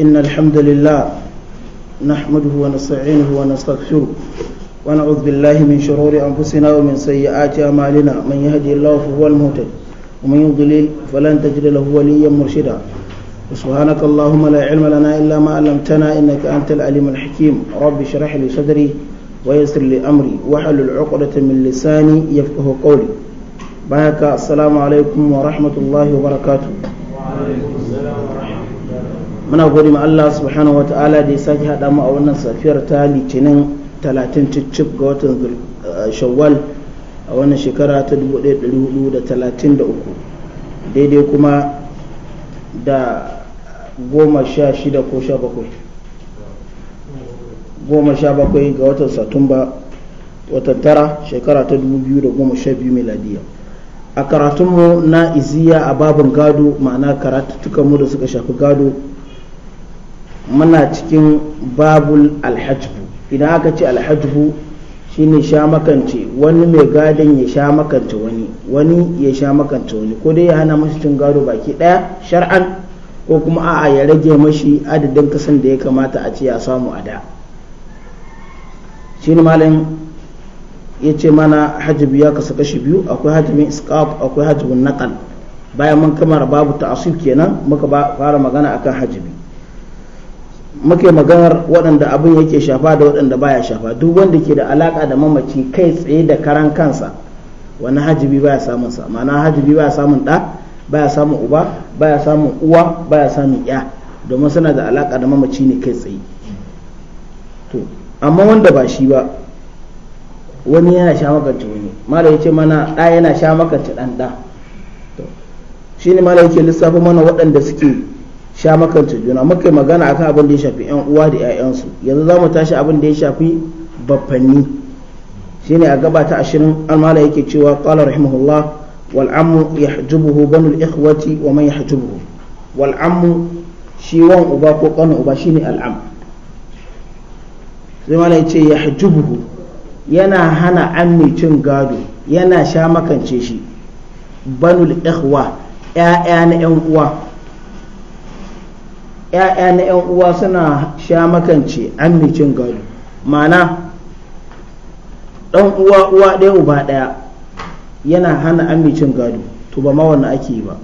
إن الحمد لله نحمده ونستعينه ونستغفره ونعوذ بالله من شرور أنفسنا ومن سيئات أعمالنا من يهدي الله فهو المهتد ومن يضلل فلن تجد له وليا مرشدا وسبحانك اللهم لا علم لنا إلا ما علمتنا إنك أنت العليم الحكيم رب اشرح لي صدري ويسر لي أمري واحلل عقدة من لساني يفقه قولي بارك السلام عليكم ورحمة الله وبركاته وعليكم muna gode ma Allah subhanahu wa ta'ala da ya sake haɗa mu a wannan safiyar ta litinin talatin cicif ga watan uh, shawwal a wannan shekara ta 1433 daidai kuma da goma sha shida ko sha bakwai goma sha bakwai ga watan satumba watan tara shekara ta 2012 miladiya a karatunmu na iziya a babin gado ma'ana karatutukanmu da suka shafi gado muna cikin babul alhajbu idan aka ce alhajbu shine sha makance wani mai gadon ya sha makance wani wani ya sha makance wani ko dai ya hana mashi cin gado baki daya shar'an ko kuma a'a ya rage mashi adadin kasan da ya kamata a ce ya samu a da shine malam ya ce mana hajjabi ya kasu kashi biyu akwai hajjibin iskaf akwai hajjibin nakal bayan mun kamar babu ta'asib kenan muka fara magana akan hajjabi muke maganar waɗanda abin yake shafa da waɗanda baya shafa duk wanda ke da alaka da mamaci kai tsaye da karan kansa wani hajibi baya samun sa ma'ana hajibi baya samun ɗa baya samun uba baya samun uwa baya samun ya domin suna da alaka da mamaci ne kai tsaye to amma wanda ba shi ba wani yana sha makance wani malai yace mana ɗa yana sha makance ɗan ɗa ne malai yake lissafa mana waɗanda suke sha makanta juna muka magana akan abin da ya shafi yan uwa da yayansu yanzu za mu tashi abin da ya shafi baffanni shine a gabata ta ashirin almala yake cewa qala rahimahullah wal ammu yahjubuhu banul ikhwati wa man yahjubuhu wal ammu shi wan uba ko kanin uba shine al am sai ya yace yahjubuhu yana hana ammi cin gado yana sha makance shi banul ikhwa yaya na yan uwa 'ya'ya na 'yan uwa suna sha makance cin gado mana ɗan uwa uwa ɗaya uba ɗaya yana hana cin gado to ba ma wannan ake yi ba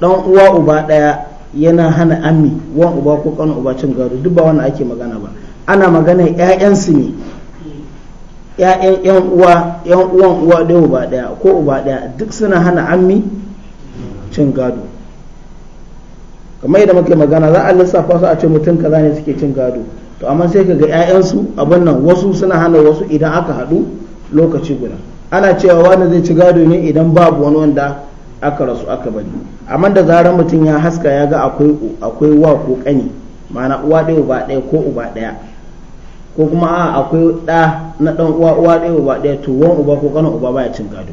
ɗan uwa uba ɗaya yana hana ammi wan uba ko kan uba cin gado duk ba wannan ake magana ba ana magana su ne ‘ya'yan ‘yan uwa ‘yan uwan uwa ɗaya uba ɗaya ko uba ɗaya duk suna hana ammi cin gado kamar yadda muke magana za a lissafa su a ce mutum kaza ne suke cin gado to amma sai ka ga su abin nan wasu suna hana wasu idan aka haɗu lokaci guda ana cewa wani zai ci gado ne idan babu wani wanda aka rasu aka bari amma da zarar mutum ya haska ya ga akwai akwai wa ko kani ma'ana uwa ɗaya uba ɗaya ko uba ɗaya ko kuma a akwai ɗa na ɗan uwa uwa ɗaya uba ɗaya to wan uba ko kanan uba baya cin gado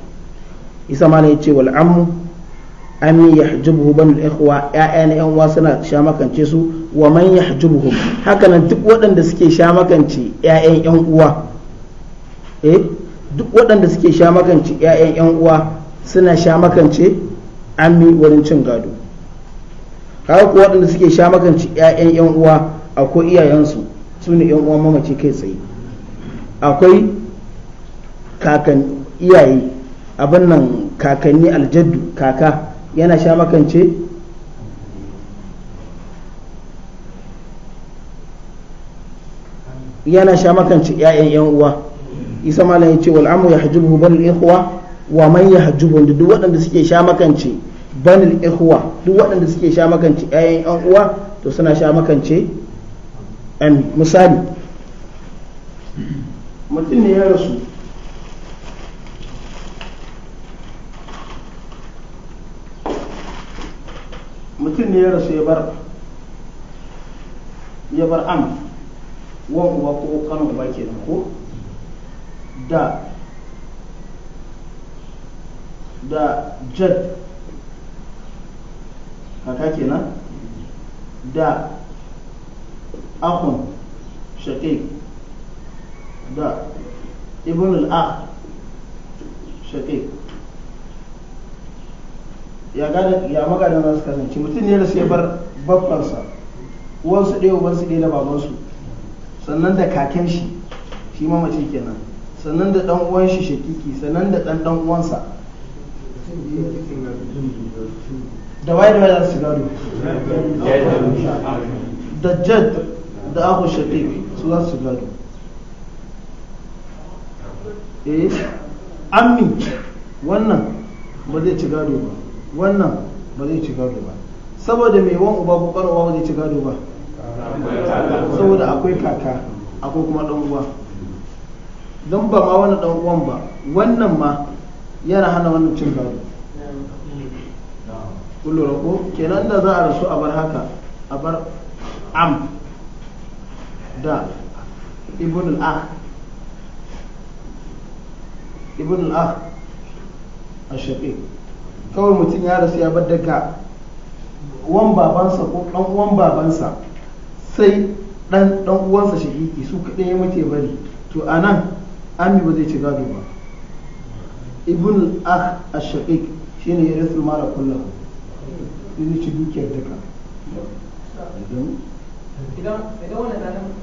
isa ma ya ce wal'amu. an yi yahjubuhu banul ikhwa ya'yan yan uwa suna shamakance su wa man yahjubuhum hakanan duk waɗanda suke shamakance ya'yan yan uwa eh duk waɗanda suke shamakance ya'yan yan uwa suna shamakance ammi wurin cin gado haka ko waɗanda suke shamakance ya'yan yan uwa akwai iyayensu su ne yan uwan mamaci kai tsaye akwai kakan iyaye abin nan kakanni aljaddu kaka yana sha makance yana sha makance ƴaƴan ƴan uwa isa malam yace wal amu yahjubuhu bal ikhwa wa man yahjubu duk waɗanda suke sha makance banil ikhwa duk waɗanda suke sha makance ƴaƴan ƴan uwa to suna sha makance an misali mutum ne ya rasu mutum ne ya rasu ya bar ya bar am wan uba ko kan uba nan ko da da jad kaka nan da akun shaqiq da ibn al-akh shaqiq ya magana za su kasance mutum ne da sai bar babbansa uwansu ɗaya ubansu ɗaya da babansu sannan da kaken shi shi ma mace kenan sannan da ɗan uwan shi shakiki sannan da ɗan ɗan uwansa da wai da waye su gado da jad da aku shakik su za su gado eh ammi wannan ba zai ci gado ba wannan ba zai ci gado ba saboda mai wan uba ko ƙarar uba zai ci gado ba saboda akwai kaka akwai kuma ɗan uwa don ba ma wani ɗan uwan ba wannan ma yana hana wannan cin gado kullura kenan da za a rasu a bar haka a bar am da ibn al ah ibn al-akh الشقيق kawai mutum ya rasu ya bar daga wan babansa ko dan uwan babansa sai dan dan uwansa shahiki su kadai ya mace bari to anan ami ba zai ci gado ba ibn al-akh ash-shaqiq shine ya rasu mara kullum zai ci dukiyar daga idan wani wannan da nan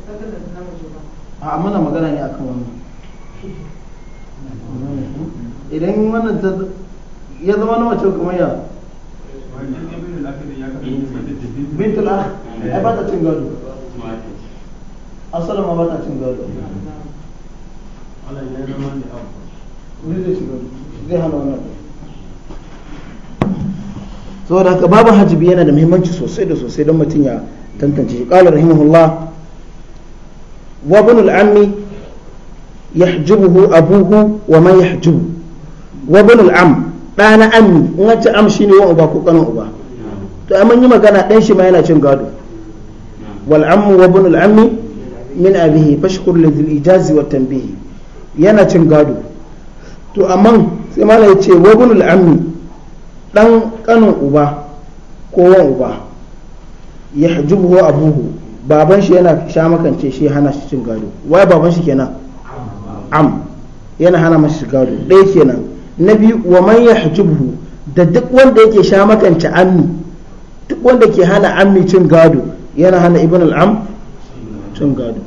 mace ba a mana magana ne akan wannan idan wannan ya zama na mace kamar ya bintul ai ba ta cin gado asalama ba ta cin gado saboda haka babu hajjibi yana da muhimmanci sosai da sosai don mutum ya tantance shi qala rahimahullah wa abuhu wa man wa am ɗa na ammi in an ce am shi ne wa uba ko kanan uba to amma yi magana ɗan shi ma yana cin gado wal ammu wa bunul ammi min abihi fashkur lidil ijazi wa tanbihi yana cin gado to amma sai mala ya ce wa bunul ammi ɗan kanan uba ko wan uba ya hajjubu abuhu baban shi yana sha makance shi hana shi cin gado wai baban shi kenan am yana hana mashi gado ɗaya kenan na biyu wa man yahjubhu da duk wanda yake sha makance ammi duk wanda ke hana ammi cin gado yana hana ibn al'am cin gado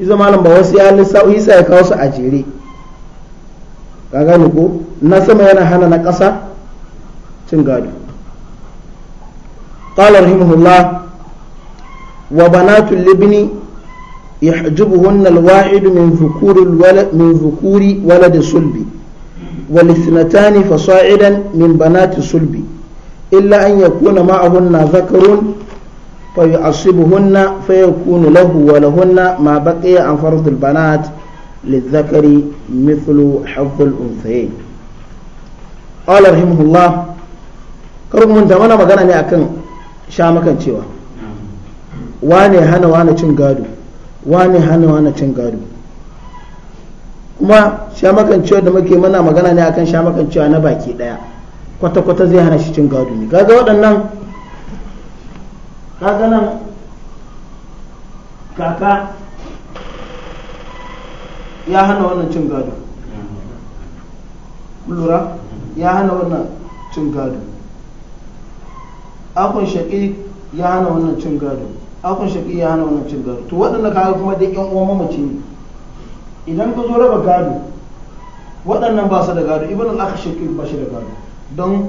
izo malam ba wasu ya lissau isa ya kawo su a jere ka gane ko na sama yana hana na ƙasa cin gado qala rahimahullah wa banatul libni yahjubuhunna alwahid min dhukuri walad min dhukuri walad sulbi والاثنتان فصاعدا من بنات صلب إلا أن يكون معهن ذكر فيعصبهن فيكون له ولهن ما بقي عن فرض البنات للذكر مثل حظ الأنثيين قال رحمه الله karku mun da mana magana ne akan sha makan cewa wane hana wane cin gado wane hana wane cin gado kuma shamakancewa da muke mana magana ne akan shamakancewa na baki daya kwata-kwata zai hana shi cin gado ne kaga waɗannan kaga nan kaka ya hana wannan cin gado lura ya hana wannan cin gado akun shaƙi ya hana wannan cin gado akun shaƙi ya hana wannan cin gado to waɗanda kaga kuma da yan uwan mamaci ne idan ka zo raba gado waɗannan ba su da gado ibn al-akhshakir ba shi da gado don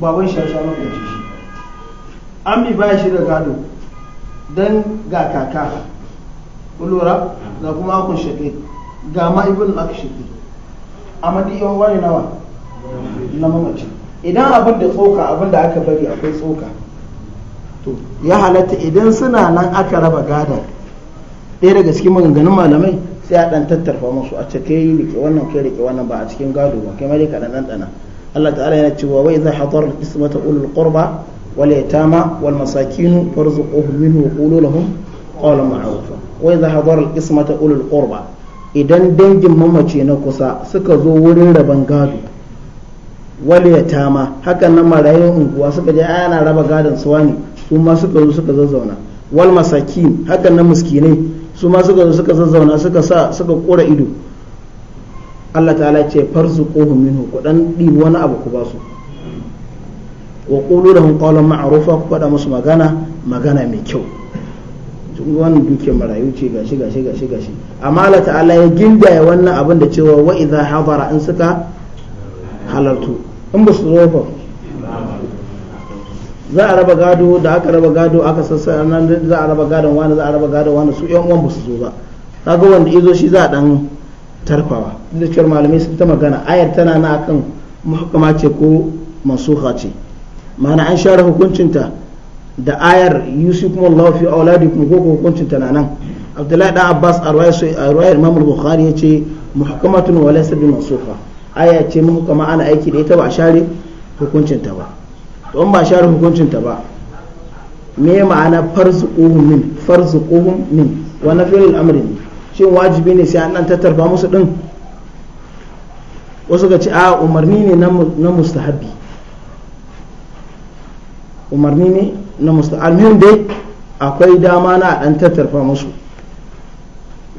baban shi ya sha makwance shi bi ba shi da gado don ga kaka kulura ga kuma akun shaƙe ga ma ibn al-akhshakir amma duk yawon wani nawa na mamaci idan abin da tsoka abin da aka bari akwai tsoka to ya halatta idan suna nan aka raba gada ɗaya daga cikin maganganun malamai sai a dan tattarfa musu a cike yi rike wannan kai rike wannan ba a cikin gado ba kai ma dai ka dan dana. Allah ta'ala yana cewa wa idza hadar ismata ulul qurba wal yatama wal masakin farzuquhum minhu wa qulu lahum qawlan ma'rufa wa idza hadar ismata ulul qurba idan dangin mamace na kusa suka zo wurin raban gado wal yatama hakan nan marayun unguwa suka je ana raba gadon suwa ne su ma suka zo suka zazzauna wal masakin hakan nan miskinai su ma suka zo suka zazzauna suka sa suka kora ido Allah ta'ala ce farzuquhum minhu ku dan dibi wani abu ku ba su wa ƙulu da qawlan ma'arufa ku faɗa musu magana magana mai kyau tun wannan duke marayu ce gashi gashi gashi gashi amma Allah ta'ala ya gindaya wannan abin da cewa wa'iza ya hadara in suka halartu in ba su zo ba za a raba gado da aka raba gado aka sassana za a raba gadon wani za a raba gadon wani su yan uwan ba su zo ba kaga wanda izo shi za a dan tarfawa da cewa malamai sun ta magana ayar tana na akan muhakkama ce ko masuha ce ma'ana an share hukuncin ta da ayar yusuf Allah fi auladikum ko hukuncin na nan Abdullahi dan Abbas a ruwayar Imam Bukhari ce muhakkamatun wa laysa bi masuha aya ce muhakkama ana aiki da ita ba a share ta ba don ba share hukuncin ta ba me ma'ana farzuquhum min farzuquhum min wa nafilul ne shin wajibi ne sai an dan tattarba musu din wasu ga ci a umarni ne na mustahabi umarni ne na mustahabi dai akwai dama na a dan tattarfa musu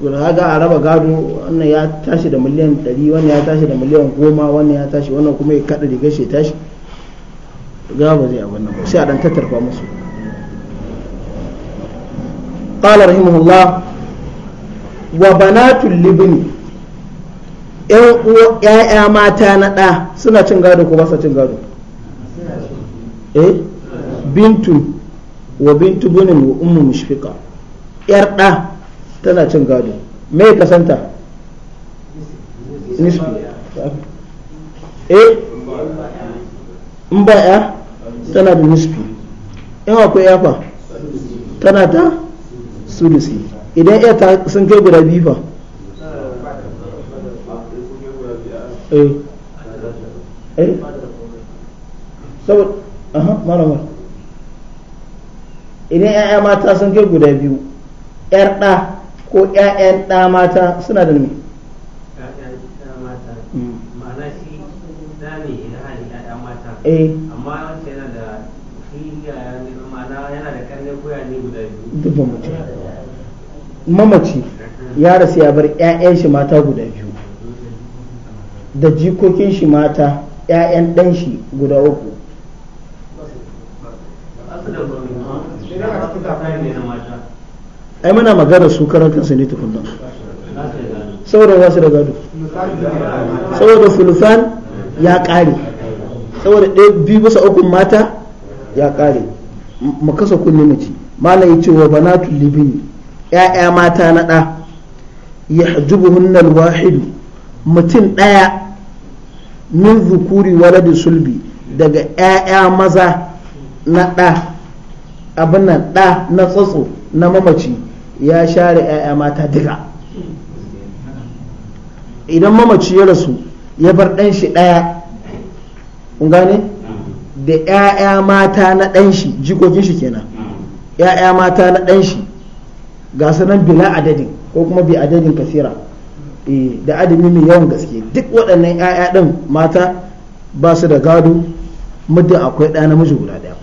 ga a raba gado wannan ya tashi da miliyan 100 wannan ya tashi da miliyan 10 wannan ya tashi wannan kuma ya kada rigar shi tashi ga ba zai abin nan sai a dan tattarfa musu qala rahimahullah wa banatul libni yan uwa yaya mata na da suna cin gado ko ba sa cin gado eh bintu wa bintu bunin wa ummu mushfiqa yar da tana cin gado me kasanta nisbi eh in ba ya tana da nisfi in akwai ya fa tana ta sulusi idan ya ta sun kai guda biyu fa eh, eh. saboda aha idan 'ya'ya mata sun kai guda biyu 'yar ɗa ko 'ya'yan ɗa mata suna da mai eh amma yana da yana da ko guda biyu duk mamaci mamaci ya rasu ya bar ƴaƴan shi mata guda biyu da jikokin shi mata ƴaƴan ɗan shi guda uku ai muna magana su karanta su ne tukunan saboda wasu da gado saboda fulfan ya ƙare saboda ɗaya biyu bisa uku mata ya ƙare mu kasa kunne mace malam ya ce wa banatu libini ya'ya mata na ɗa ya hajjubuhunna alwahidu mutum ɗaya min zukuri waladi sulbi daga ‘ya'ya maza na ɗa abin nan ɗa na tsatso na mamaci ya share ‘ya'ya mata duka idan mamaci ya rasu ya bar ɗan shi ɗaya kun gane mm. da 'ya'ya mata na ɗan shi jikokin shi kenan 'ya'ya mm. mata na ɗan shi ga sanan bila adadin ko kuma bi adadin kasira eh, da adadin mai yawan gaske duk waɗannan 'ya'ya ɗin mata ba su da gado muddin akwai ɗa namiji guda ɗaya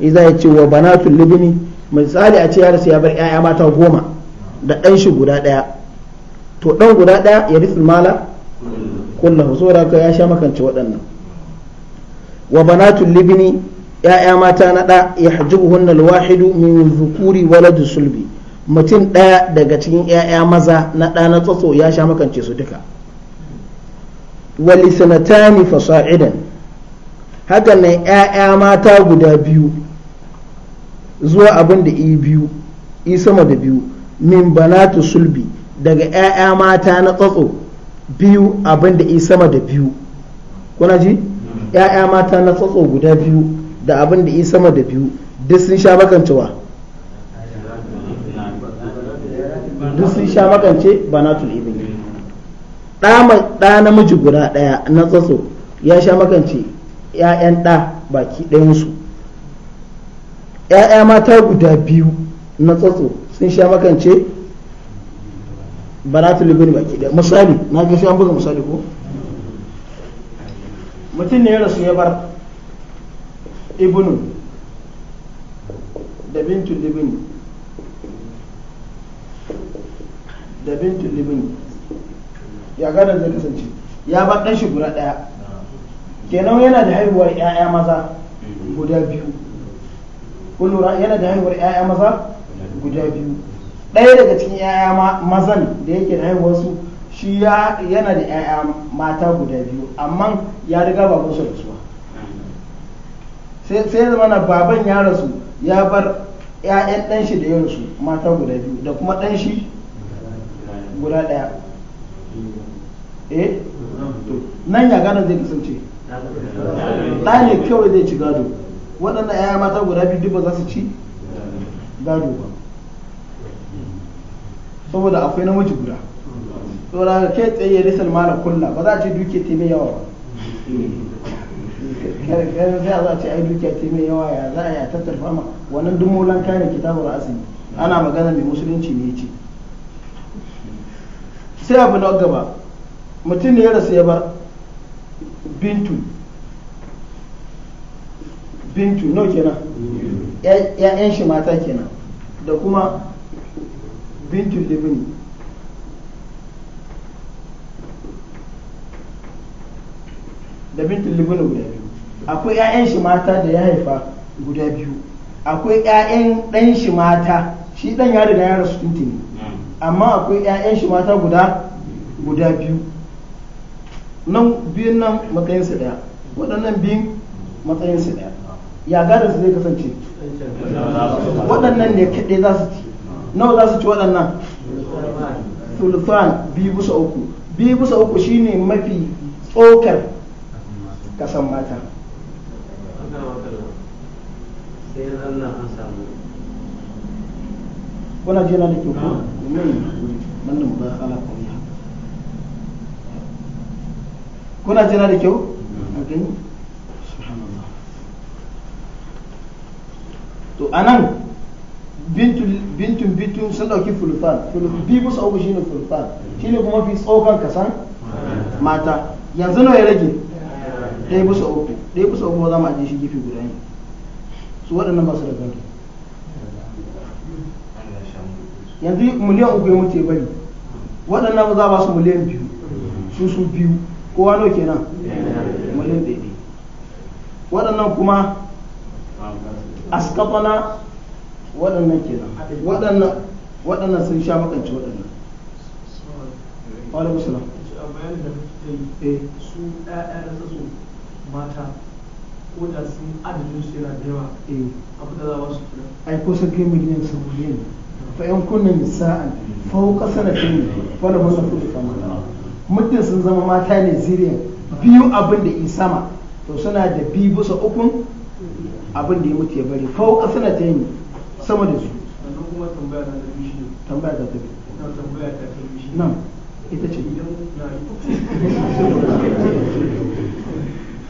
iza ya ce wa banatul libni misali a ce ya rasu ya bar 'ya'ya mata goma da ɗan shi guda ɗaya to ɗan guda ɗaya ya rufin mala kullum saboda ya sha makance waɗannan wa banatul libni ya'ya mata na da yahjubuhunna wahidu min dhukuri walad sulbi mutum ɗaya daga cikin ya'ya maza na ɗa na tsotso ya sha makance su duka wali sanatani fasa'idan hakan nan ya'ya mata guda biyu zuwa abin da i biyu i sama da biyu min banatu sulbi daga ya'ya mata na tsotso biyu abin da i sama da biyu kuna ji 'ya'ya mata na tsatso guda biyu da abin da yi sama da biyu duk sun sha makancewa duk sun sha makance banatul ibn ɗa namiji guda ɗaya na tsatso ya sha makance 'ya'yan ɗa baki ɗayansu 'ya'ya mata guda biyu na tsatso sun sha makance banatul ibn baki ɗaya misali na ga shi an buga misali ko mutum ne ya rasu ya bar ibnu da bintu libin da bintu libin ya gadar zai kasance ya bar ɗan shi guda ɗaya kenan yana da haihuwar 'ya'ya maza guda biyu kun lura yana da haihuwar 'ya'ya maza guda biyu ɗaya daga cikin 'ya'ya mazan da yake da haihuwarsu shi yana da 'ya'ya mata guda biyu amma ya riga musu da rasuwa sai ya zama na baban ya rasu ya bar 'ya'yan ɗan shi da ya mata guda biyu da kuma ɗan shi guda ɗaya eh nan ya gane zai kasance ɗaya ne kyau zai ci gado waɗanda 'ya'ya mata guda biyu duk ba za su ci gado ba saboda akwai namiji guda tsoron ke kai tsaye risal malam kulla ba za a ce duke ta mai yawa ba sai a za a ce ai duke ta mai yawa ya za a ya tattalfa ma wannan duk mulan kayan kitabul asali ana magana mai musulunci ne ce sai abu na gaba mutum ne ya rasu ya bar bintu bintu nau kenan ya'yan shi mata kenan da kuma bintu libini da bintul libna guda biyu akwai 'ya'yan shi mata da ya haifa guda biyu akwai 'ya'yan ɗan shi mata shi ɗan ya riga ya rasu tuntun amma akwai 'ya'yan shi mata guda guda biyu nan biyun nan matsayin su ɗaya waɗannan biyun matsayin su ɗaya ya gada su zai kasance waɗannan ne kaɗai za su ci nawa za su ci waɗannan sulfan biyu bisa uku biyu bisa uku shine mafi tsokar kasan mata kuna jina da ke ko mai wannan ba ala kuma kuna ji na da kyau ah. mm. a gani subhanallah to anan bintun bintun sun dauki fulfan bi musu abu shine fulfan mm. shine kuma fi tsohon kasan ah. mata yanzu nawa ya rage ɗaya bisa uku ɗaya bisa uku za mu ajiye shi gefe guda ne su waɗannan ba su da gado yanzu miliyan uku ya mutu ya bari waɗannan za ba su miliyan biyu su su biyu kowa nawa kenan miliyan ɗaya waɗannan kuma askafana waɗannan kenan waɗannan waɗannan sun sha makance waɗannan walaikusalam eh. su ɗaya da su mata ko da sun adadin su yana da yawa abu eh. da za ba su kira ai ko sun kai miliyan saba'in ne fa yan kunna nisa'an fauka sanatin wala masa kudu kama muddin sun zama mata ne ziriyan biyu abin da isa ma to suna da biyu bisa ukun abin da ya mutu ya bari fauka sanatin sama da su sannan kuma tambaya ta da biyu shi tambaya ta tafi. biyu tambaya ta tafi shi nan ita ce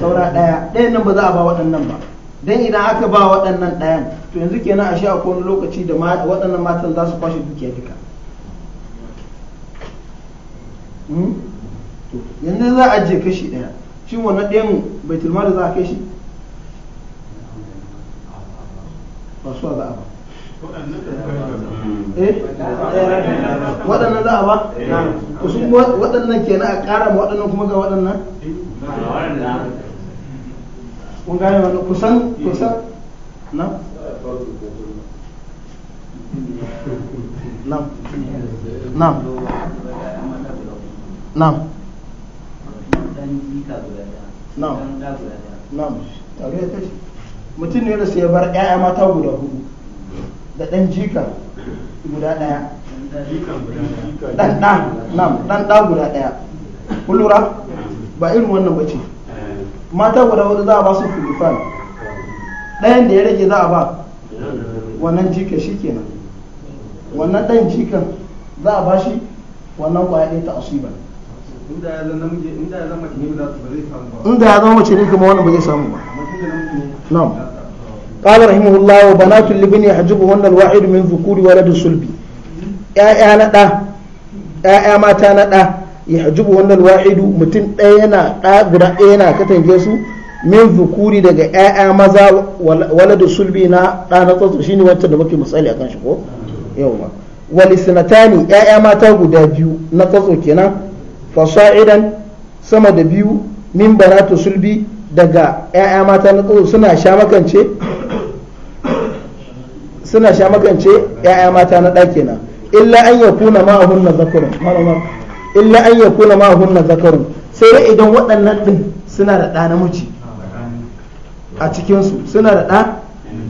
saura ɗaya ɗayan nan ba za a ba waɗannan ba dan idan aka ba waɗannan ɗayan to yanzu kenan a sha akwai lokaci da waɗannan matan za su kwashe dukiya duka hmm? yanzu za a ajiye kashi ɗaya shi wannan ɗayan baitul mali za a kai ba su za a ba Eh? waɗannan za a ba waɗannan waɗannan na a ƙara ma waɗannan kuma ga waɗannan kun gane kusan kusan na ne da sai ya bar 'ya'ya mata guda hudu. da ɗan jika guda ɗaya ɗan ɗan guda ɗaya kun lura ba irin wannan ba ce mata guda wadda za a ba su kulufan ɗayan da ya rage za a ba wannan jika shi kenan wannan ɗan jikan za a ba shi wannan kwaya ɗaya ta asibar inda ya zama mace ne ba zai samu ba inda ya zama mace ne kuma wannan ba zai samu ba قال رحمه الله وبنات لبن يحجبهن الواحد من ذكور ولد صلب يا ندا يا ماتا ندا يحجبهن الواحد متين ɗaya yana ɗa guda ɗaya yana katange su min zukuri daga ƴaƴa maza waladu sulbi na ɗa na tsotso shine wancan da muke misali akan shi ko yawa wal isnatani mata guda biyu na tsotso kenan fasa'idan sama da biyu min banatu sulbi daga ƴaƴa mata na tsotso suna sha makance suna sha makance ya'ya mata na ɗaki na illa an ya kuna ma'ahunna zakarun illa an ya kuna ma'ahunna zakarun sai dai idan waɗannan ɗin suna da ɗa namiji a cikinsu suna da ɗa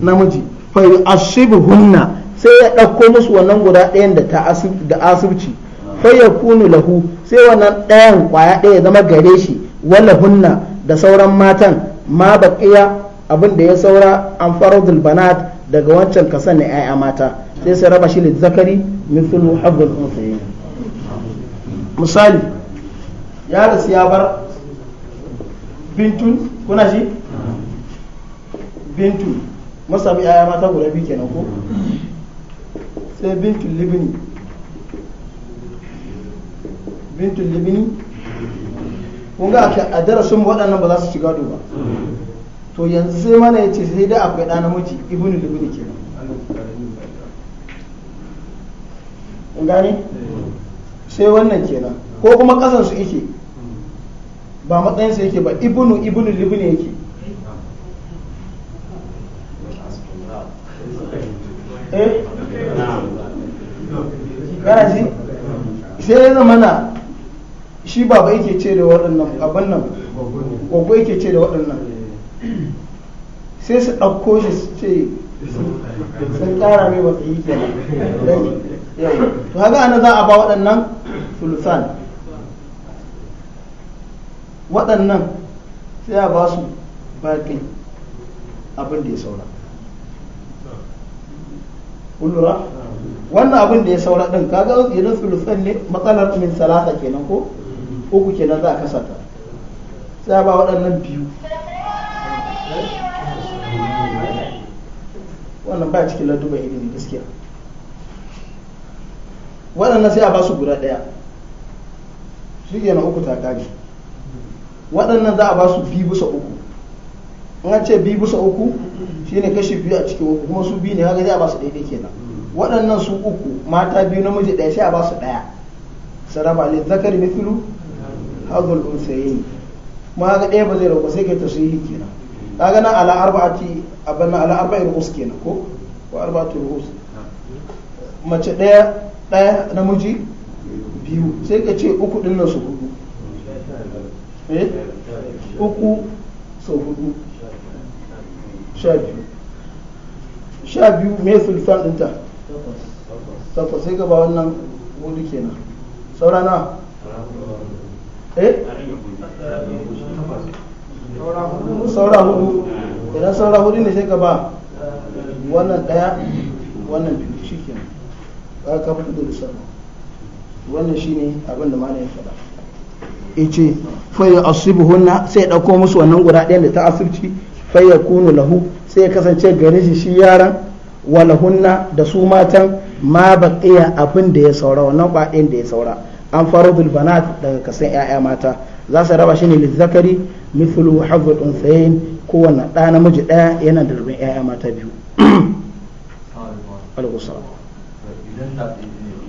namiji fa hunna sai ya ɗauko musu wannan guda ɗayan da asibci fa ya kunu lahu sai wannan ɗayan ƙwaya ɗaya zama gare shi wala hunna da sauran matan ma baqiya abin da ya saura an faradul banat daga wancan kasan ne 'ya'ya mata sai sai raba shi lizzakari mithlu habbul unsayi misali ya da ya bar bintun kuna shi bintun masa bi 'ya'ya mata guda biyu kenan ko sai bintun libni bintun libni kun ga a darasin waɗannan ba za su shiga duba to yanzu sai mana ya ce sai da akwai ɗan namiji ibnu ne kenan kun gane sai wannan kenan ko kuma kasan su yake ba matsayin su yake ba ibnu ibnu libni yake eh? sai ya zama na shi ba yake ce da waɗannan abin nan gogo yake ce da waɗannan sai su ɗauko shi su ce sun ƙara mai ke nan to haka ana za a ba waɗannan sulusan waɗannan sai a ba su bakin abin da ya saura kullura wannan abin da ya saura ɗin kaga idan sulusan ne matsalar min salasa kenan ko uku kenan za a kasata sai a ba waɗannan biyu wannan ba cikin ladduban ilimi gaskiya waɗannan sai a ba su guda ɗaya shi ke na uku ta ƙari waɗannan za a ba su biyu bisa uku in an ce biyu bisa uku shi ne kashi biyu a cikin uku kuma su biyu ne haka sai a ba su daidai kenan waɗannan su uku mata biyu namiji ɗaya sai a ba su ɗaya saraba ne zakar mithlu hadul unsayin ma haka ɗaya ba zai rauka sai kai tasiri kenan kaga nan ala arba'ati abanna ala arba'i us kenan ko ko arba'atu us mace daya daya namiji biyu sai ka ce uku din nan su hudu eh uku so hudu sha biyu sha biyu me sulfan ɗinta takwas sai ba wannan hudu kenan saurana na eh saura hudu idan saura hudu ne sai ka ba wannan daya wannan biyu shi ke ka ka fito da lissafin wannan shi ne abin da mana ya faɗa ice faya asibu hunna sai ya ɗauko musu wannan guda ɗayan da ta asibci fayyar kunu lahu sai ya kasance gare shi shi yaran wala hunna da su matan ma baƙiya abin da ya saura wannan ba ɗayan da ya saura an faro bilbanat daga kasan 'ya'ya mata za su raba shi ne lizzakari mithlu hazzul unsayin kowanne ɗa namiji ɗaya yana da rabin ƴaƴa mata biyu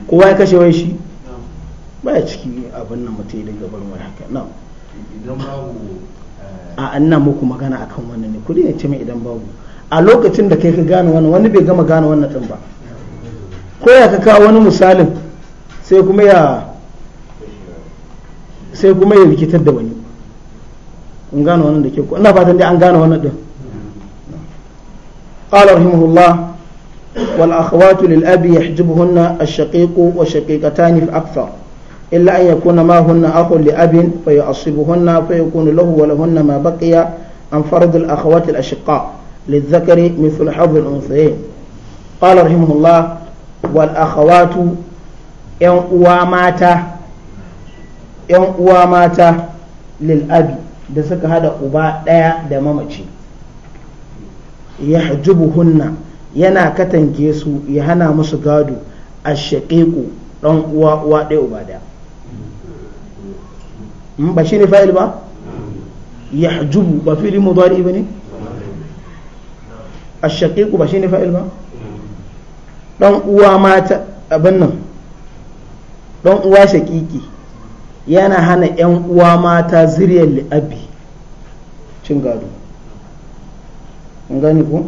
kowa ya kashe wai shi ba ya ciki abin nan mutum idan gabar mai haka na a an na muku magana akan wannan ne kudi ne ce mai idan babu a lokacin da kai ka gane wannan wani bai gama gane wannan din ba ko ya ka kawo wani misalin sai kuma ya sai kuma ya rikitar da wani in gane wannan da ke ku ina fatan dai an gane wannan din qala rahimahullah wal akhawatu lil abi yahjubuhunna ash-shaqiq wa shaqiqatan fi akthar إلا أن يكون ما هن أخ لأب فيعصبهن فيكون ma ولهن an بقي عن فرض الأخوات الأشقاء للذكر مثل حظ الأنثيين قال رحمه الله والأخوات ينقوى ماتا ينقوى ماتا للأب da suka hada uba ɗaya da mamaci ya hunna yana katange su ya hana musu gado a shaƙiƙu ɗan uwa uwa ɗaya uba ɗaya hmm, ba shi ne fa'il ba ya ba fili mudari ba ne a shaƙiƙu ba shi ne fa'il ba ɗan uwa mata abin nan ɗan uwa shaƙiƙi yana hana 'yan uwa mata zuriyar li'abi cin gado gani ko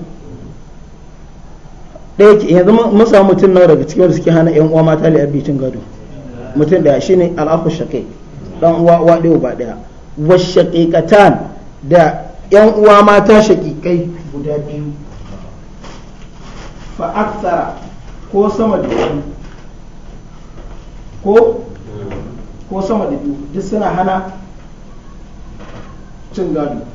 ɗaya ke yanzu mun mutum na daga cikin wanda suke hana 'yan uwa mata li'abi cin gado mutum ɗaya shi ne al'afu shaƙe ɗan uwa uwa ɗaya uba ɗaya washaƙiƙatan da 'yan uwa mata shaƙiƙai guda biyu fa'aktara ko sama da ko ko sama da biyu duk suna hana cin gado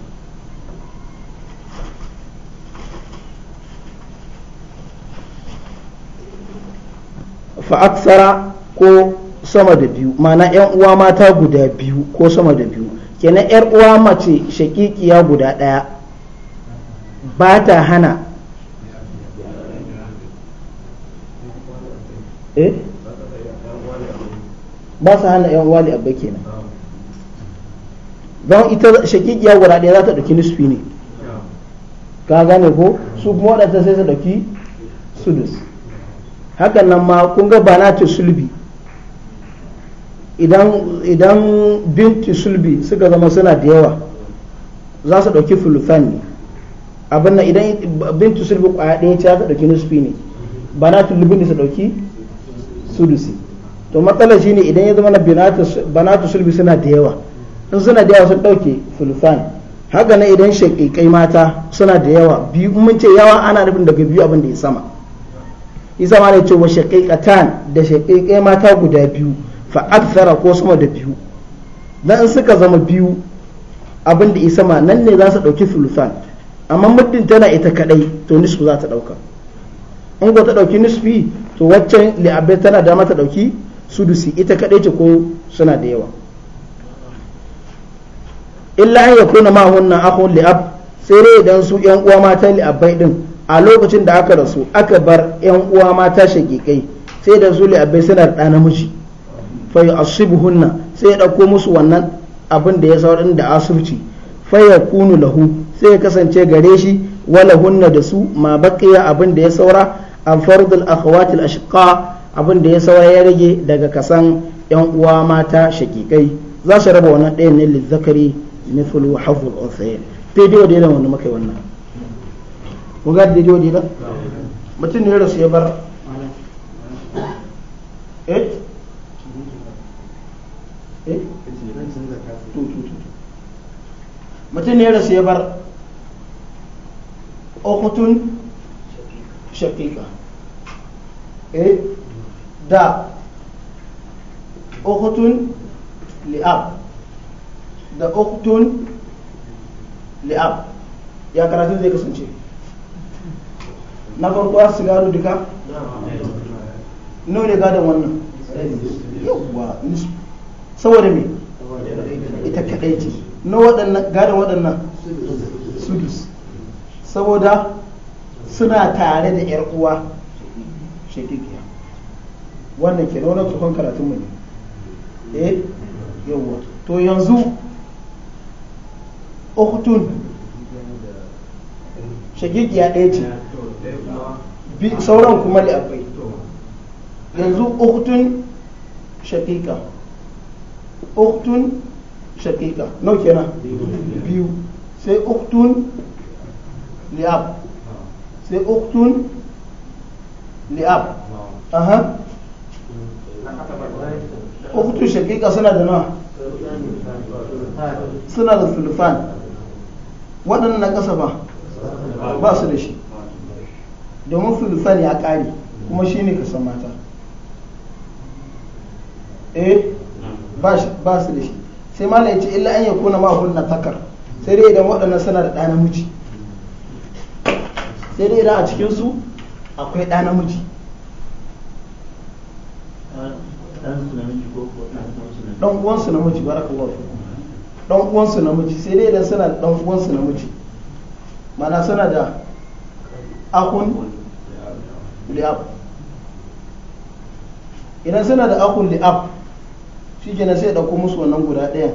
fa'aksara ko sama da biyu mana yan uwa mata guda biyu ko sama da biyu kenan yar uwa mace shakikiya guda ɗaya ba ta hana eh ba su hana yan uwa li'abbai kenan don ita shakikiya guda ɗaya za ta ɗauki nisfi ne ka gane ko su kuma waɗanda sai su ɗauki sudus hakan nan ma kun ga bana ce sulbi idan binti sulbi suka zama suna da yawa za su ɗauki fulufan ne abin nan idan binti sulbi ƙwaya ɗaya ce za ta ɗauki nisfi ne ba na ne su ɗauki sudusi to matsalar shine idan ya zama na banatu sulbi suna da yawa in suna da yawa sun dauke fulfan haka nan idan shaƙiƙai mata suna da yawa biyu mun ce yawa ana nufin daga biyu abin da ya sama isa ma ne ce wa shaƙiƙatan da shaƙiƙai mata guda biyu fa aksara ko sama da biyu dan in suka zama biyu abin da ya sama nan ne za su ɗauki fulfan amma muddin tana ita kadai to nisfu za ta ɗauka in ko ta ɗauki nisfi to waccan li'abai tana dama ta ɗauki sudusi ita kadai ce ko suna da yawa illa an yakuna ma hunna akhun li ab sai dai idan su yan uwa mata li abai din a lokacin da aka rasu aka bar yan uwa mata shagikai sai da su li abai suna da namiji fa hunna sai ya dauko musu wannan abin da ya sa da asubci fa yakunu lahu sai ya kasance gare shi wala hunna da su ma baqiya abin da ya saura an fardul akhawatil ashqa abin da ya saura ya rage daga kasan yan uwa mata shakikai za su raba wannan ɗayan ne lizzakari mithlu hafur unsayin daidai da yana wanda muka yi wannan ku ga daidai da mutum ne rasu ya bar eh, eh? mutum ne rasu ya bar ukutun shakika eh da ukhtun li'ab da ukhtun li'ab ya karatu zai kasance na farko a sigaru duka nawa ne gadon wannan yawwa saboda me ita kadai ce na waɗannan gadon waɗannan sudus saboda suna tare da 'yar uwa shekikiya wannan ke nuna tsohon karatunmu ne eh yawa to yanzu uktun shagigiya ɗaya ce sauran kuma li akwai yanzu uktun shaqiqa uktun shaqiqa nau kenan biyu sai uktun li'ab sai uktun li'ab aha ukhtu shakika suna da nawa suna da sulfan waɗannan na ƙasa ba ba su da shi domin sulfan ya ƙare kuma shi ne kasan mata eh ba su da shi sai ma ce illa an yi kuna ma na takar sai dai idan waɗannan suna da ɗa namiji sai dai idan a cikinsu akwai ɗa namiji dan uwansu namiji barakallahu fi dan uwansu namiji sai dai idan suna dan uwansu namiji mana suna da akun li'ab idan suna da akun li'ab shi ke sai ɗauko musu wannan guda ɗaya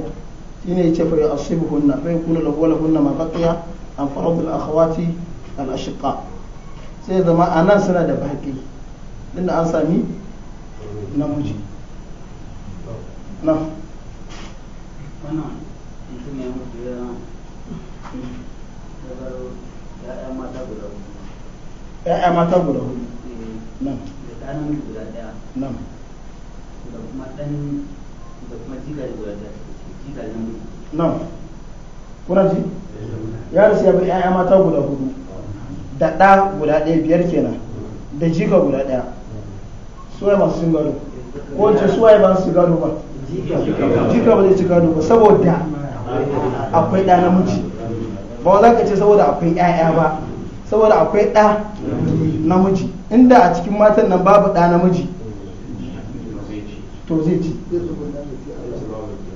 shi ne ce fa ya asibu hunna fa yakuna lahu wala hunna ma baqiya an faradul akhawati al ashiqa sai zama a nan suna da baki din an sami namiji na wannan mutum ya mutu ya ya'ya mata guda hudu ya'ya mata guda hudu eh, nan da ɗan namiji guda daya nan da kuma dan da kuma jiga guda daya jiga nan nan kuna ji ya rasu ya bi ya'ya mata guda hudu da ɗa guda ɗaya biyar kenan da jiga guda ɗaya suwaye masu cin gado ko ce suwaye ba su gado ba jika ba zai ci gado ba saboda akwai ɗa namiji ba za ka ce saboda akwai ƴaƴa ba saboda akwai ɗa namiji inda a cikin matan nan babu ɗa namiji to zai ci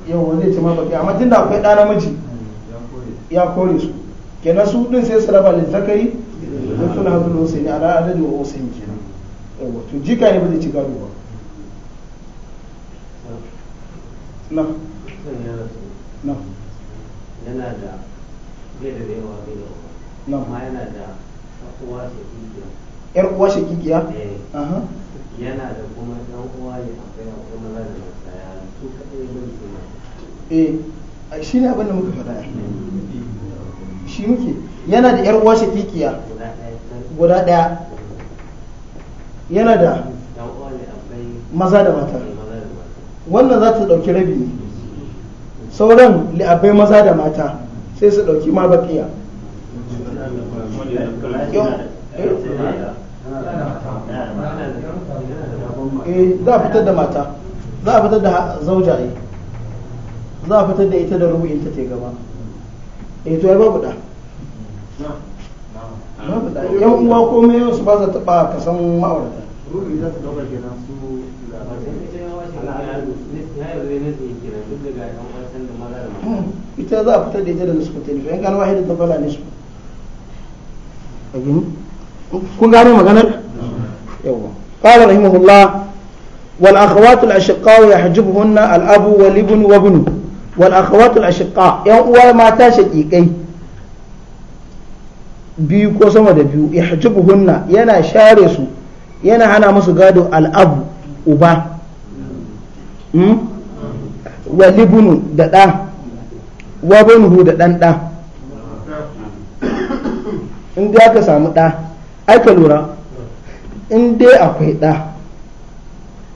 yau zai ci ma baki amma tunda akwai ɗa namiji ya kore su kenan su ɗin sai su raba littafari da suna zuwa sai ne a da wasu usaini to jika ne ba zai ci gado ba na na yana da bai da bai wa bai da na ma yana da uwa shakikiya yar uwa shakikiya eh. yana da kuma dan uwa ne akwai da bai su ma eh shi ne abin da muka faɗa shi muke yana da yar uwa shakikiya guda ɗaya yana da eh, maza da mata wannan za ta dauki rabi ne sauran li'abbai maza da mata sai su dauki ma baƙiya eh, za a fitar da mata za a fitar da zaujaye za a fitar da ita da rubu'in ta te gaba eh to ya babu da yan uwa ko mai su ba za taɓa ka san ma'aurata hmm, ita za a fitar da ita da nisku ta nufi yan gano wahidin ta bala nisku kun gane maganar قال رحمه الله والأخوات الأشقاء يحجبهن الأب والابن وابن والأخوات الأشقاء يوم ما تشقيقين biyu ko sama da biyu ya yahjubuhunna yana share su yana hana musu gado al'abu uba hmm? libunu da ɗa wabanhu da ɗan ɗa in dai aka samu ɗa aka lura in dai akwai ɗa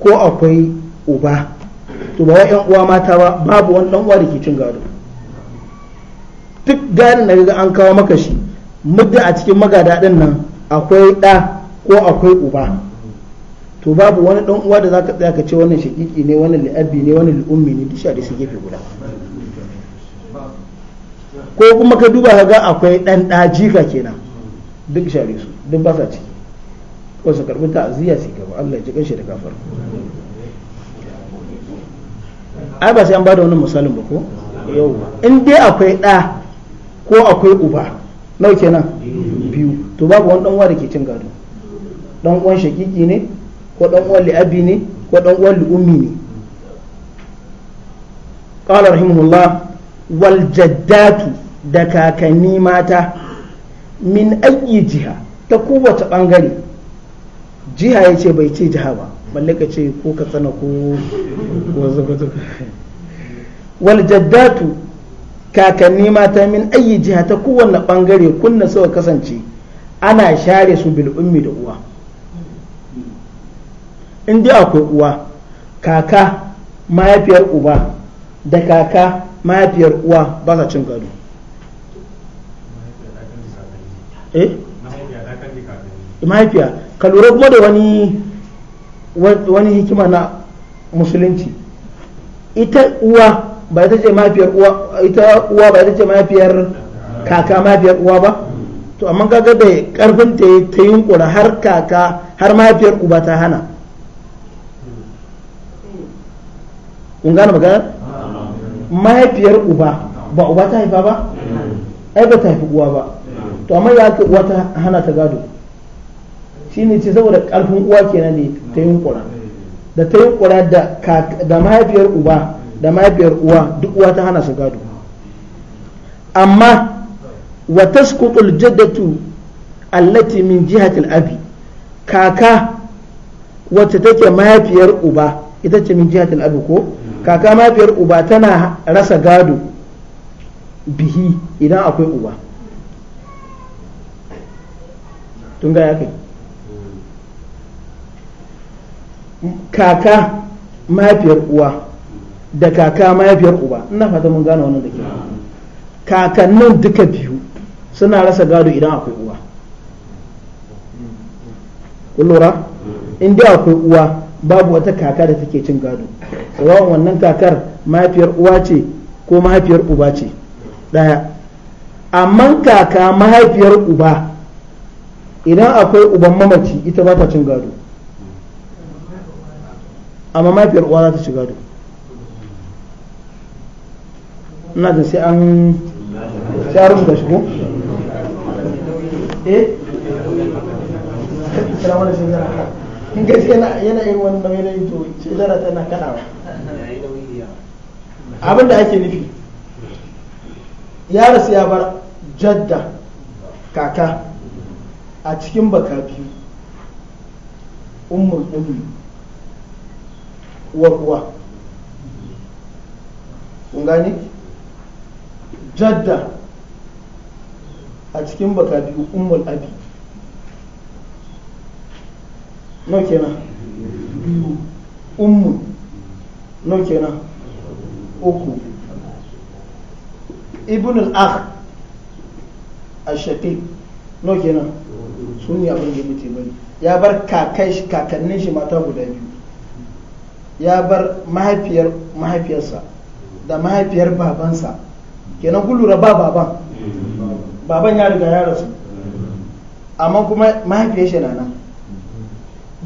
ko akwai uba to ba yan uwa mata ba babu wani ɗan uwa da ke cin gado duk gadin na ga an kawo maka shi muddin a cikin magada din nan akwai ɗa ko akwai uba to babu wani ɗan uwa da za ka tsaya ka ce wannan shakiki ne wannan li'abbi ne wannan li'ummi ne duk da su gefe guda ko kuma ka duba ka ga akwai ɗan ɗa jika kenan duk share su duk ba sa ciki ko su karɓi aziya su gaba Allah ya ji kanshi da kafar ai ba sai an bada wannan misalin ba ko yau in dai akwai ɗa ko akwai uba nawa kenan biyu to babu wani dan uwa da ke cin gado dan uwan shakiki ne ko dan uwan li'abi ne ko dan uwan li'ummi ne qala rahimahullah wal da kakanni mata min ayyi jiha ta kowace ɓangare jiha ya ce bai ce jiha ba balle ka ce ko ka tsana ko wal jaddatu kakanni mata min ayi jiha ta kowanne bangare kunna suka kasance ana share su bil ummi da uwa in dai akwai uwa kaka mahaifiyar uba da kaka mahaifiyar uwa ba sa cin gado eh mahaifiya ka lura kuma da wani wani hikima na musulunci ita uwa ba ita ce mafiyar uwa ita uwa ba ita ce mafiyar kaka mafiyar uwa ba to amma kaga da karfin ta ta yunkura har kaka har mafiyar uba ta hana kun gane magana mahaifiyar uba ba uba ta haifa ba ai ba ta haifi uwa ba to amma ya ka uwa ta hana ta gado shi ne ce saboda karfin uwa kenan ne ta yunkura da ta yunkura da da mahaifiyar uba da mahaifiyar uwa duk uwa ta hana su gado amma wa skutul jaddatu allati min jihatil abi kaka wacce take mahaifiyar uba ita ce min jihatil abi ko kaka mahaifiyar uba tana rasa gado bihi idan akwai uba tun ga kai kaka mahaifiyar uwa da kaka mahaifiyar uba ina fata mun gane wannan da ke kakannin duka biyu suna rasa gado idan akwai uwa ku lura in dai akwai uwa babu wata kaka da take cin gado tsawon wannan kakar mahaifiyar uwa ce ko mahaifiyar uba ce daya amma kaka mahaifiyar uba idan akwai uban mamaci ita ba ta cin gado amma mahaifiyar uwa za ta ci gado ina da sai an sai an rubuta shi ko eh salamu alaikum in gaji yana yin wani nauyi na to shidara tana kanawa abin da ake nufi ya rasu ya bar jadda kaka a cikin baka biyu umar ummi uwa uwa kun gani? jadda a cikin baka biyu ummul abi nau kenan biyu ummu nau kenan uku ibn al-akh ashaqi shaqiq nau kenan sun yi abin da muke bari ya bar kakai kakannin shi mata guda biyu ya bar mahaifiyar mahaifiyarsa da mahaifiyar babansa kenan kun lura ba baban baban ya riga ya rasu amma kuma mahaifiyar shi na nan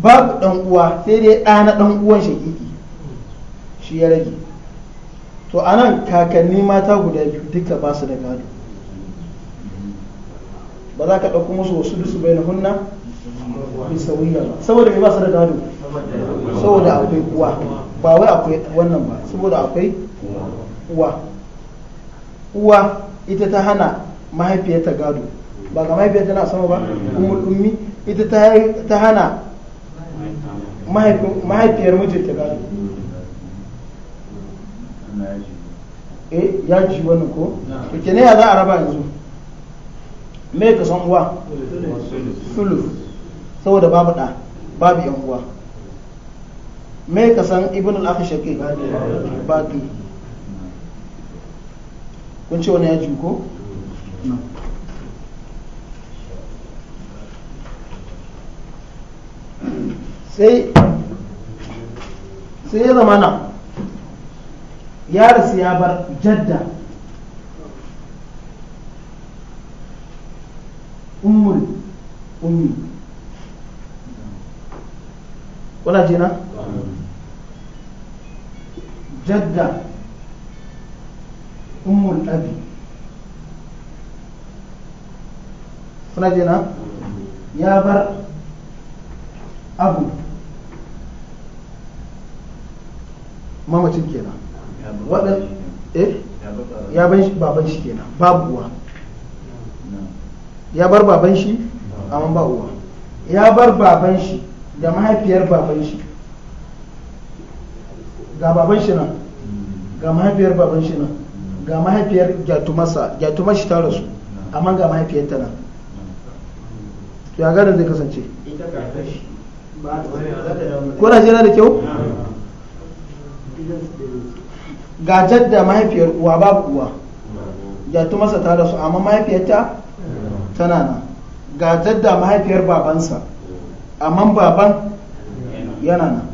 babu dan uwa sai dai ɗa na dan uwan shakiki shi ya rage to a nan kakanni mata guda biyu duka ba su da gado ba za ka ɗauko musu wasu dusu bai na hunna ba saboda ba su da gado saboda akwai uwa ba wai akwai wannan ba saboda akwai uwa uwa ita ta hana mahaifiyarta gado ba ga mahaifiyar na sama ba mm. umul ummi ita ta hana mahaifiyar mijinta gado eh ya ji wani ko to ne ya za a raba yanzu me ka san uwa sulu saboda babu da babu yan uwa me ka san ibn al-akhi ba baqi kun ce wani yaji ko sai sai ya zama na ya rasu ya bar jadda ummul ummi kuna jina jadda ummul abi kuna jina ya bar abu mamacin kenan waɗan eh ya bar baban shi kenan babu uwa ya bar baban shi amma ba uwa ya bar baban shi da mahaifiyar baban shi ga baban shi nan hmm. ga mahaifiyar baban shi nan ga mahaifiyar gyatumarsa gyatumar ta rasu hmm. amma ga mahaifiyar ta nan ya gada zai kasance ko na jira da kyau hmm. ga jadda mahaifiyar uwa babu uwa hmm. gyatumarsa ta rasu amma mahaifiyar ta tana nan ga jadda mahaifiyar babansa amma baban yana nan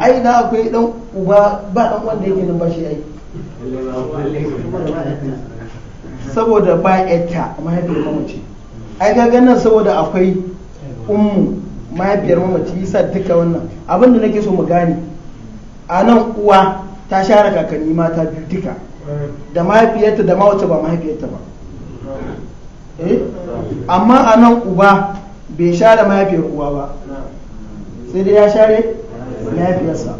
ai na akwai dan uba ba dan wanda yake nan ba shi ai saboda ba yatta mahaifiyar mamaci ai ga nan saboda akwai ummu mahaifiyar mamaci yasa duka wannan abin da nake so mu gane a nan uwa ta share kakanni mata biyu duka da mahaifiyarta da ma wacce ba mahaifiyarta ba eh? amma a nan uba bai share mahaifiyar uwa ba sai dai ya share mahaifiyarsa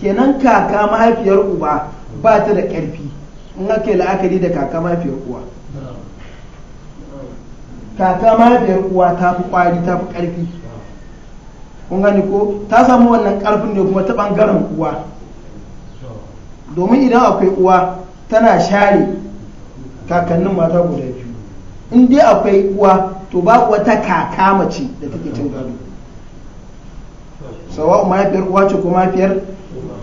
kenan kaka mahaifiyar uba ba ta da ƙarfi in ake la'akari da kaka mahaifiyar uwa kaka mahaifiyar uwa ta fi ƙwari ta fi ƙarfi kun gani ko ta samu wannan ƙarfin ne kuma ta ɓangaren uwa domin idan akwai uwa tana share kakannin mata guda biyu in dai akwai uwa to ba wata kaka mace da take cin gado sawa'u mahaifiyar uwa ce ko mahaifiyar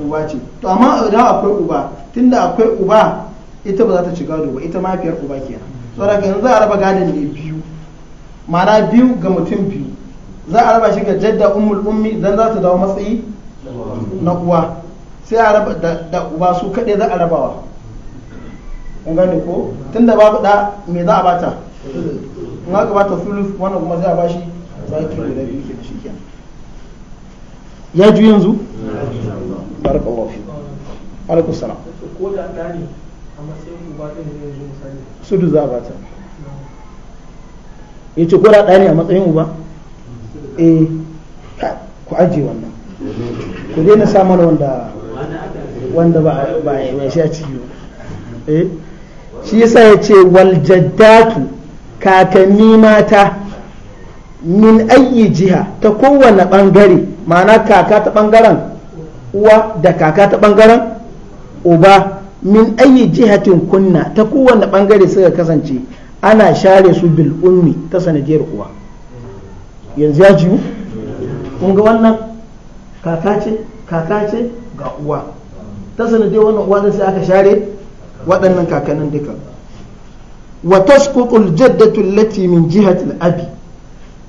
uba ce to amma idan akwai uba tunda akwai uba ita ba za ta ci gado ba ita mahaifiyar uba kenan saboda yanzu za a raba gadon ne biyu mana biyu ga mutum biyu za a raba shi ga jadda umul ummi dan za ta dawo matsayi na uwa sai a raba da uba su kaɗai za a rabawa kun gane ko tunda babu da me za a bata in aka bata sulus wannan kuma zai a bashi zaki da biyu ke da shi ya ju yanzu ya ce alaikum ɗani a matsayin uba a eh ku ajiye wannan ku daina sa wanda wanda ba a mai shi a ciki eh. shi yasa yace wal jaddatu kakanni mata min ayi jiha ta kowane bangare ma'ana kaka ta bangaren uwa da kaka ta bangaren uba min ayi jihatin kunna ta kowane bangare suka kasance ana share su bil ummi ta sanadiyar uwa yanzu ya jiyu kun ga wannan kaka ce kaka ce ga uwa ta sanadiyar wannan uwa sai aka share waɗannan kakannin duka wa tasqutul jaddatu allati min jihati al-abi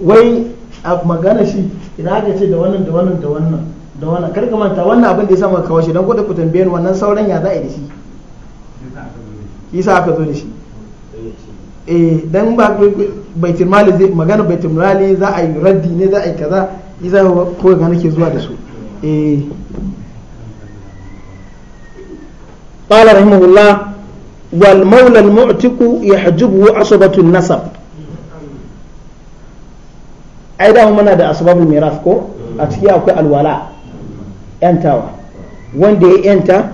wai a magana shi idan aka ce da wannan da wannan da wannan da wannan kar ka manta wannan abin da ya samu kawo shi don kuɗa kutan biyan wannan sauran ya za a yi da shi yasa aka zo da shi eh dan ba baitul mali zai magana baitul mali za a yi raddi ne za a yi kaza yasa ko ga nake zuwa da su eh قال رحمه الله والمولى المعتق يحجبه عصبة النسب ai da muna da asbabul miras ko a mm. ciki akwai alwala yantawa wanda ya yanta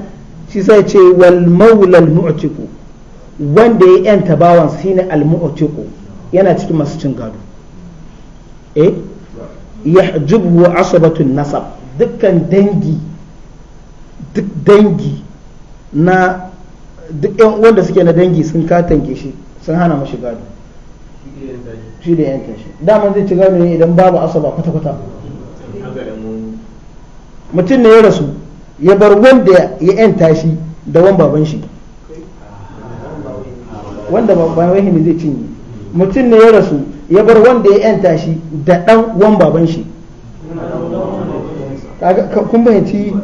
shi sai ce wal maula al mu'tiku wanda ya yanta bawan shine al mu'tiku yana cikin masu cin gado eh yahjubu asabatu nasab dukkan dangi duk dangi na duk wanda da suke na dangi sun katange shi sun hana mashi gado shi da yanka shi dama zai ci gano ne idan babu asaba kwata-kwata mutum ne ya rasu ya bar wanda ya yanta shi da wan baban shi wanda ba ne zai cinye mutum ne ya rasu ya bar wanda ya yanta shi da dan wan baban shi kun bayanci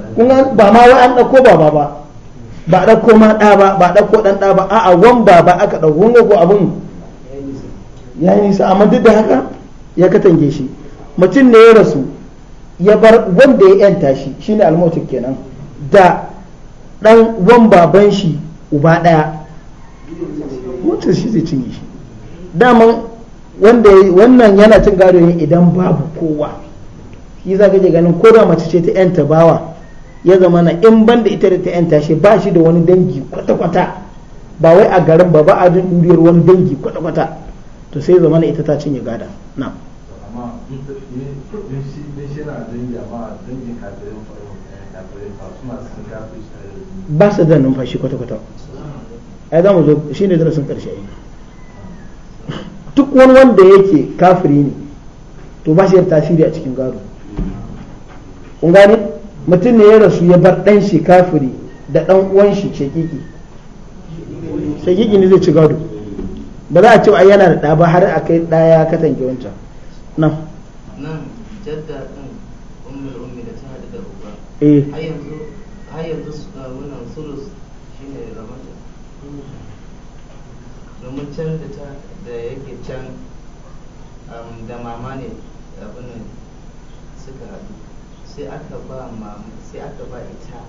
ba ma wa an ɗauko baba ba ba ɗauko ma ɗa ba ba ɗauko ɗan ɗa ba a'a wan baba aka ɗauko ko abin ya yi nisa amma duk da haka ya katange shi mutum ne ya rasu ya bar wanda ya yanta shi shine almotin kenan da dan wan baban shi uba daya wancan shi zai cinye shi daman wanda wannan yana cin gado ne idan babu kowa shi za ka je ganin ko da mace ce ta yanta bawa ya zama na in banda ita da ta yanta shi ba shi da wani dangi kwata-kwata ba wai a garin ba ba a duriyar wani dangi kwata-kwata to sai na ita ta cinye gada na amma in shi na kafirin eh, ba su da numfashi kwata-kwata ai za mu zo shi ne darasin ƙarshe duk wani wanda yake kafiri ne to ba shi da tasiri a cikin gado kun gane mutum ne ya rasu ya bar ɗan shi kafiri da ɗan uwan shi shakiki shakiki ne zai ci gado ba za a ce wa yana da ɗa ba har a kai ɗaya katange wancan nan nan jadda ɗin umar umar da ta hadu da uba eh har yanzu har yanzu wannan sulus shine ramata domin can da ta da yake can da mama ne abin suka haɗu sai aka ba mama sai aka ba ita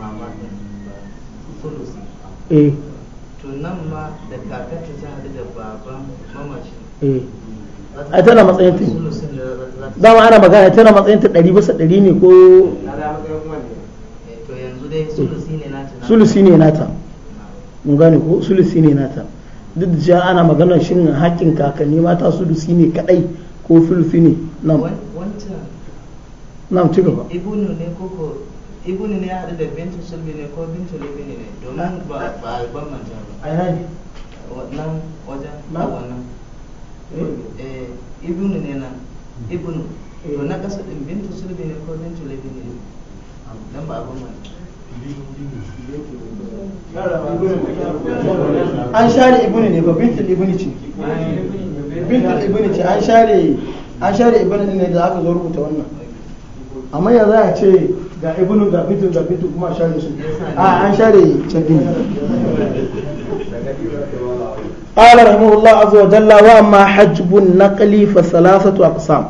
mama ɗin ba sulus eh to da ta da baban mamaci eh. a tana matsayin ta dama ana magana tana matsayin ta ɗari bisa ɗari ne ko eh, to yanzu dai sulusi ne nata sulusi ne mun gane ko sulusi ne nata duk da cewa ana magana shin hakkin kakanni mata sulusi ne kadai ko sulusi ne nan nan ci gaba ibn ne ya haɗu da bintu sulbi ne ko bintu libini ne domin ba a manta ba a yana nan wajen na wannan eh. Eh, ibn ne nan ibn eh. to na ƙasa ɗin bintu sulbi ne ko bintu libini ne don ba a manta an share ibn ne ba bintul ibn ce bintul ibn ce an share an share ibn ne da aka zo rubuta wannan amma ya za a ce ga ibnu ga fitu ga fitu kuma share su a an share can din قال رحمه الله عز وجل واما حجب النقل فثلاثه اقسام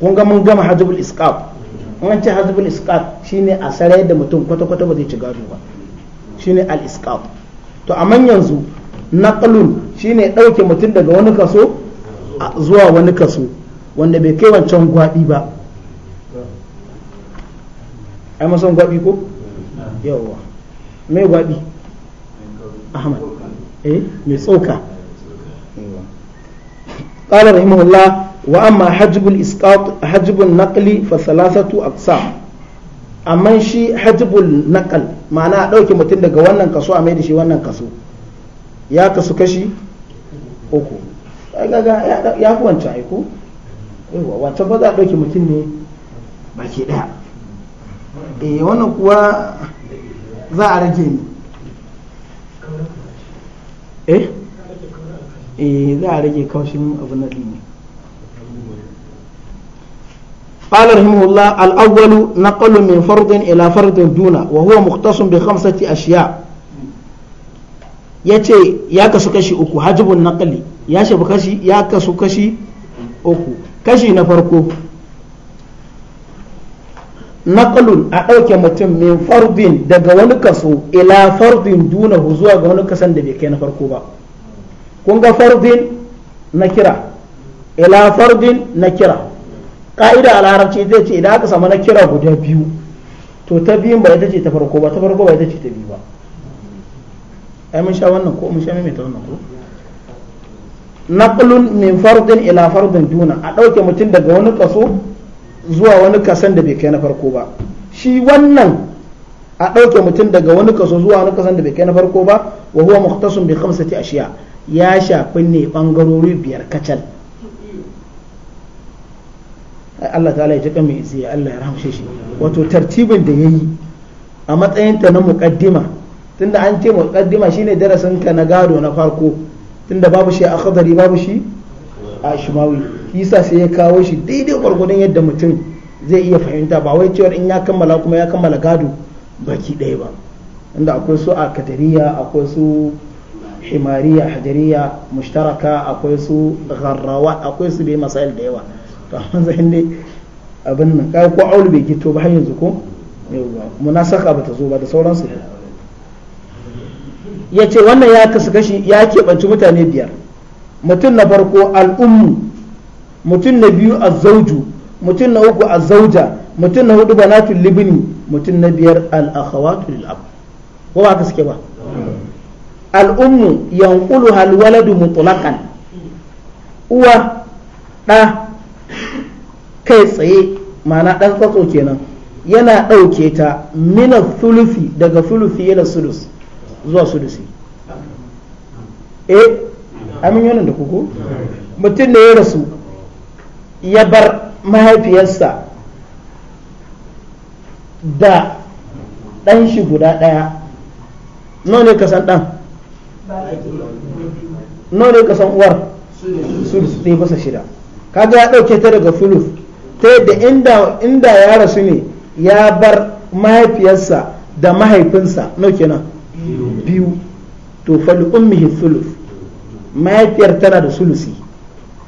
kun ga mun gama hajjabul isqaq mun ce hajjabul isqaq shine a sarai da mutum kwata kwata ba zai ci gado ba shine al iskab to amma yanzu naqlun shine dauke mutum daga wani kaso zuwa wani kaso wanda bai kai wancan gwabi ba ai masan gwabi ko yawwa mai gwabi ahmad eh mai tsoka قال رحمه الله وأما حجب الإسقاط حجب النقل فثلاثة أقسام أما شي حجب النقل معناه دوكي متين daga wannan kaso a mai da shi wannan kaso ya kasu kashi uku ga ga ya fi wancan ai ko yawa wancan ba za a ɗauki mutum ne baki ɗaya eh wannan kuwa za a rage ni eh eh za a rage kaushin abin nan ne قال رحمه الله الأول نقل من فرض إلى فرض دونه وهو مختص بخمسة أشياء yace ya kasu kashi uku hajibun naqli ya shafi kashi ya kashi uku kashi na farko naqlun a ɗauke mutum min farbin daga wani kaso ila farbin duna zuwa ga wani kasan da bai kai na farko ba kun ga farbin na kira ila farbin na kira ka'ida a larabci zai ce idan aka samu na kira guda biyu to ta biyun ba ita ce ta farko ba ta farko ba ita ce ta biyu ba ai mun sha wannan ko mun sha mai ta wannan ko naqlun min fardin ila fardin duna a ɗauke mutum daga wani kaso zuwa wani kasan da bai kai na farko ba shi wannan a ɗauke mutum daga wani kaso zuwa wani kasan da bai kai na farko ba wa huwa muhtasun bi khamsati ashiya ya shafi ne bangarori biyar kacal Allah ta'ala ya tuka mai izini Allah ya rahamshe shi wato tartibin da yayi a matsayin ta na muqaddima tunda an ce muqaddima shine darasin ka na gado na farko tunda babu shi a khadari babu shi a shimawi yasa sai ya kawo shi daidai gwargwadon yadda mutum zai iya fahimta ba wai cewar in ya kammala kuma ya kammala gado baki ɗaya ba inda akwai su a katariya akwai su himariya hajariya mushtaraka akwai su gharrawa akwai su dai masail da yawa to amma zai dai abin nan ko aulu bai gito ba har yanzu ko munasaka ba ta zo ba da sauransu ya ce wannan ya kasu kashi ya keɓanci mutane biyar mutum na farko al'ummu mutum na biyu zauju mutum na uku zauja mutum na hudu banatul libni mutum na biyar al'akhawatu lil ab ko ba ka suke ba al'ummu yanqulu hal waladu mutlaqan uwa ɗa kai tsaye ma'ana ɗan tsatso kenan yana ɗauke ta mina thulufi daga thulufi yana sulus zuwa su su eh amin yanin da kuku mutum da ya rasu ya bar mahaifiyarsa da ɗan shi guda ɗaya nawa ne kasan ɗan nawa ne kasan uwar su da ta yi masa shida kaga ya ɗauke ta daga fuluf ta yadda inda ya rasu ne ya bar mahaifiyarsa da mahaifinsa nau kenan biyu to fali ummihi thuluth mahaifiyar tana da sulusi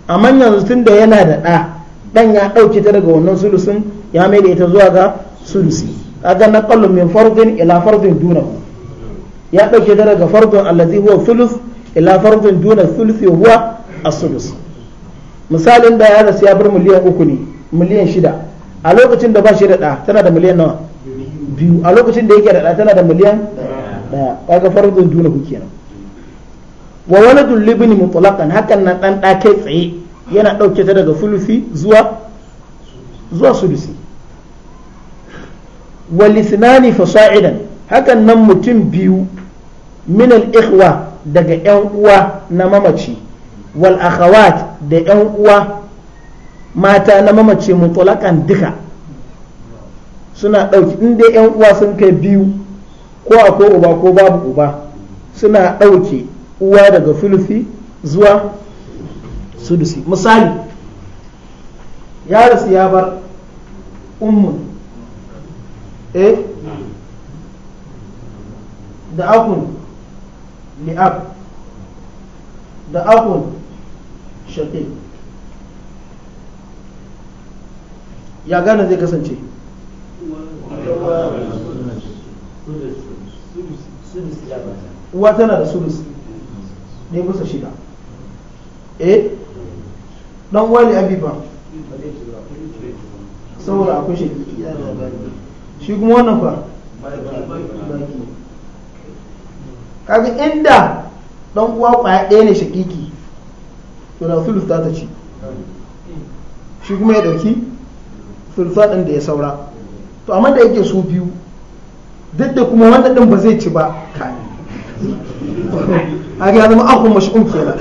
amma yanzu tun da yana da ɗa ɗan ya ɗauke ta daga wannan sulusin ya mai da ita zuwa ga sulusi kaga na kallon min farzin ila farzin duna ya ɗauke ta daga farzin allazi huwa sulus ila farzin duna sulusi huwa as-sulus misalin da ya rasu ya bar miliyan uku ne miliyan shida a lokacin da ba shi da ɗa tana da miliyan nawa biyu a lokacin da yake da ɗa tana da miliyan daya kaga fardun duna ku kenan wa waladu libni mutlaqan hakan nan dan da kai tsaye yana dauke ta daga fulufi zuwa zuwa sulusi walithnani fasa'idan hakan nan mutum biyu min al ikhwa daga yan uwa na mamaci wal akhawat da yan uwa mata na mamaci mutlaqan duka suna dauki inda yan uwa sun kai biyu ko akwai uba ko babu uba suna ɗauke uwa daga filfi zuwa sudusi misali ya rasu ya bar ummun eh da akun li'ab da akun shaƙi ya gane zai kasance uwa tana da sulus ne bisa shida eh dan wali abiba saboda akwai shi shi kuma wannan fa kaga inda dan uwa kwaya ɗaya ne shakiki to na sulus ta ta ci shi kuma ya ɗauki sulusa ɗin da ya saura to amma da yake su biyu duk da kuma wanda din ba zai ci ba kani a zama akun mash'um kenan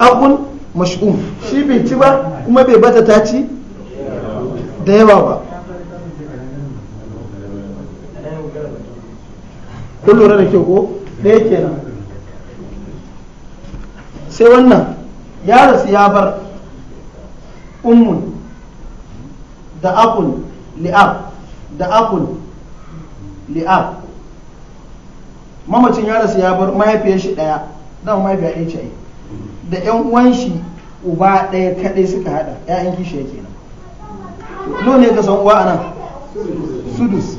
akun mash'um shi bai ci ba kuma bai bata ta ci da yawa ba kun lura da kyau ko ɗaya kenan sai wannan ya rasu ya bar ummun da akun li'ab da akun li'ab mamacin ya su ya bar mahaifiyar shi daya dan mahaifiya ya ce da yan uwan shi uba daya kadai suka hada ƴaƴan kishiya kenan nawa ne ka san uwa anan sudus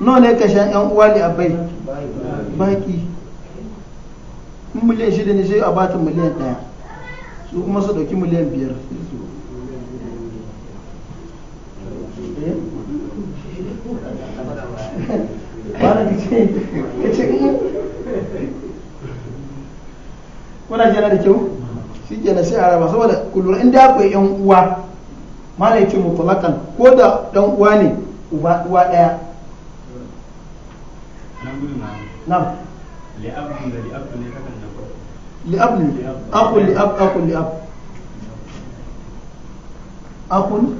nawa ne ka san yan uwa abai baki miliyan shida ne sai a bata miliyan daya su kuma su dauki miliyan biyar wani ta ce ya mm. kuna jana da kyau shi ke sai a raba saboda kullum inda akwai yan uwa mana ya ce mutulakan ko da dan uwa ne uba uwa daya na'am li'abun da li'abun ne kakan da li'abun akun li'ab akun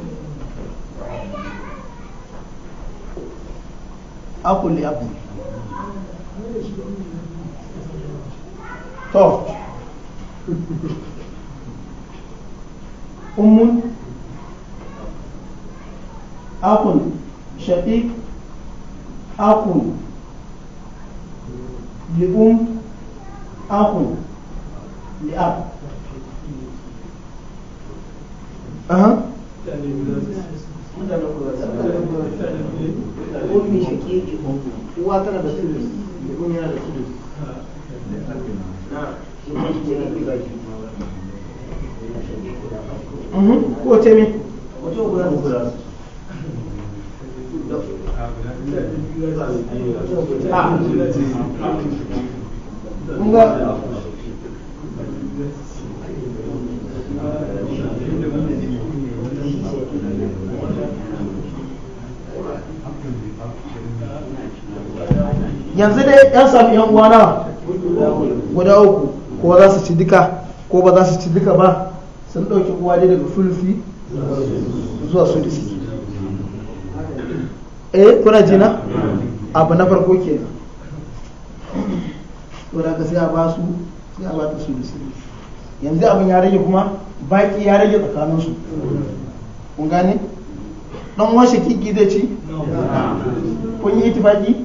أقول لأبني طب أم أقول شقيق أكون لأم أقول لأب أها يعني ومن شقيقهم واتنا بسلس بنيا بسلس ko ce me? mutum guda da guda su yanzu dai yan sami yan uwa nawa guda uku ko za su ci duka ko ba za su ci duka ba sun ɗauki uwa dai daga fulfi zuwa su sulfi eh kuna jina abu na farko ke to da ka sai a ba su sai a ba ta sulfi yanzu abin ya rage kuma baki ya rage tsakaninsu kun gane dan washe kiki zai ci kun yi itifaki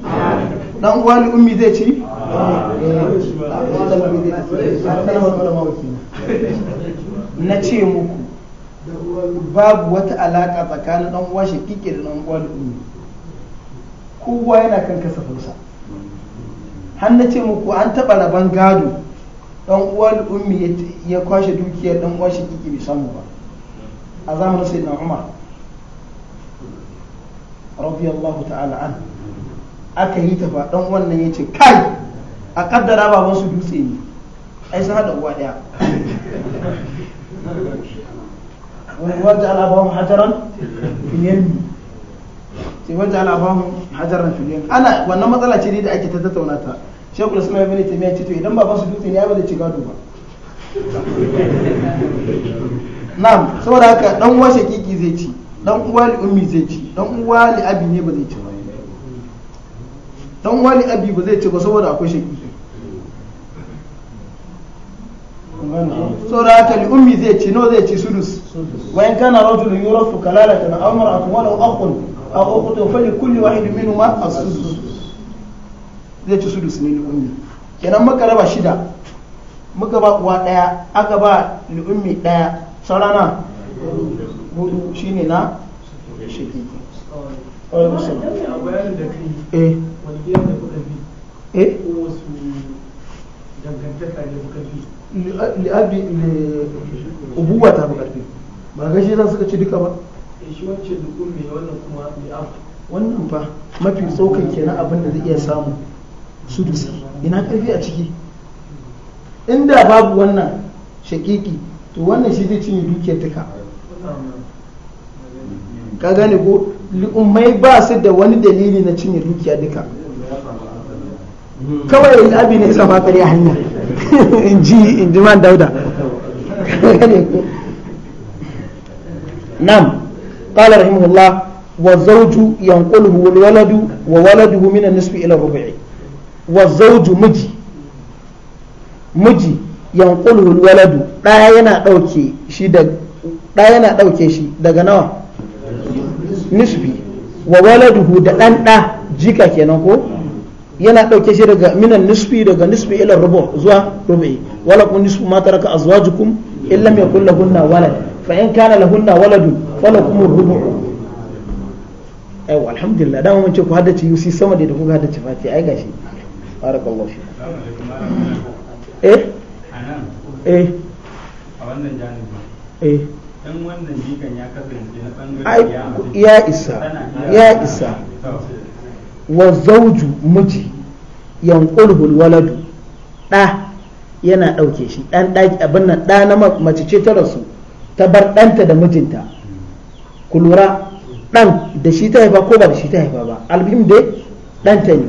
dan uwa ummi zai ci na ce muku babu wata alaka tsakanin dan uwa shakike da dan uwa li ummi kowa yana kan kasafinsa har na ce muku an taɓa rabon gado dan uwa li ummi ya kwashe dukiyar dan uwa shakike bai samu ba a zamanin sayyidina umar radiyallahu ta'ala anhu aka yi ta ba dan wannan ya ce kai a kaddara baban su dutse ne ai sun haɗa uwa daya wajen alabahun bahu hajaran filiyan sai wanda ala hajaran filiyan ana wannan matsala ce da ake ta tattauna ta shekul islam ibn taymiya ce to idan baban su dutse ne ya bada ci gado ba na'am saboda haka dan uwa shakiki zai ci dan uwa li ummi zai ci dan uwa li abi ne ba zai ci ba dan wani abi ba zai ce ba saboda akwai shaki saboda haka li ummi zai ci no zai ci sudus wa in kana rajulun yurafu kalalatan aw a wa law akhun a ukhtun fa li kulli wahidin minhuma a sudus zai ci sudus ne ni ummi kenan muka raba shida muka ba uwa daya aka ba li ummi daya saurana hudu shine na shaki Eh. eh li'abi ubuwa ta fi karfi ba ga shi suka ci duka ba eh, shi wancan dukkan mai wannan kuma li'ab wannan fa mafi tsokan kenan abin da zai iya samu su dusi ina karfi a ciki inda babu wannan shakiki to wannan shi zai cinye dukiyar duka ka gane ko li'ummai ba su da wani dalili na cinye dukiya duka kawai abi ne isa matsari a hanya in ji in ji man dauda nam qala rahimahullah wa zawju yanquluhu wal waladu wa waladuhu min an-nisfi ila rubu'i wa zawju miji miji yanquluhu wal waladu yana dauke shi da daya yana dauke shi daga nawa nisfi wa waladuhu da dan da jika kenan ko yana ɗauke shi daga minan nisfi daga nisfi ila rubu zuwa rubu'i wala kun nisfu ma taraka azwajukum illam lam yakul lahunna walad fa in kana lahunna waladun falakum rubu aiwa alhamdulillah dama mun ce ku haddace yusi sama da ku haddace fati ai gashi barakallahu fi eh eh a wannan janibi eh dan wannan jikan ya kasance na bangaren ya isa ya isa wa zauju miji yanqulhu waladu ɗa yana ɗauke shi ɗan ɗaki abin nan ɗa na mace ce ta rasu ta bar ɗanta da mijinta ku lura ɗan da shi ta haifa ko ba da shi ta haifa ba albim dai ɗanta ne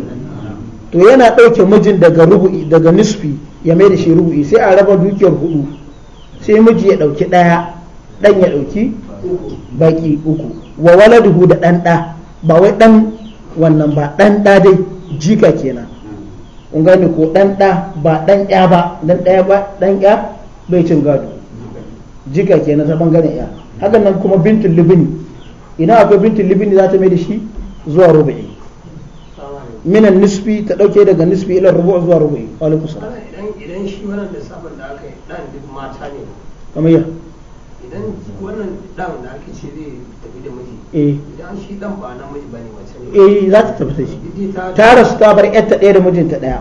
to yana ɗauke mijin daga rubu'i daga nisfi ya mai da shi rubu'i sai a raba dukiyar hudu sai miji ya ɗauki ɗaya ɗan ya ɗauki baki uku wa waladuhu da ɗan ɗa ba wai ɗan wannan ba ɗan ɗa dai jika kenan kun gani ko ɗan ɗa ba ɗan ya ba dan ɗaya ba ɗan ya bai cin gado jika kenan ta bangaren ya hakan nan kuma bintul libini ina akwai bintul libini za ta mai da shi zuwa rubu'i minan nisfi ta dauke daga nisfi ila rubu' zuwa rubu'i wa alaikum salam idan shi wannan lissafin da aka yi dan duk mata ne kamar ya idan wannan eh za ta tafi shi ta rasu ta bar yarta daya da mijinta daya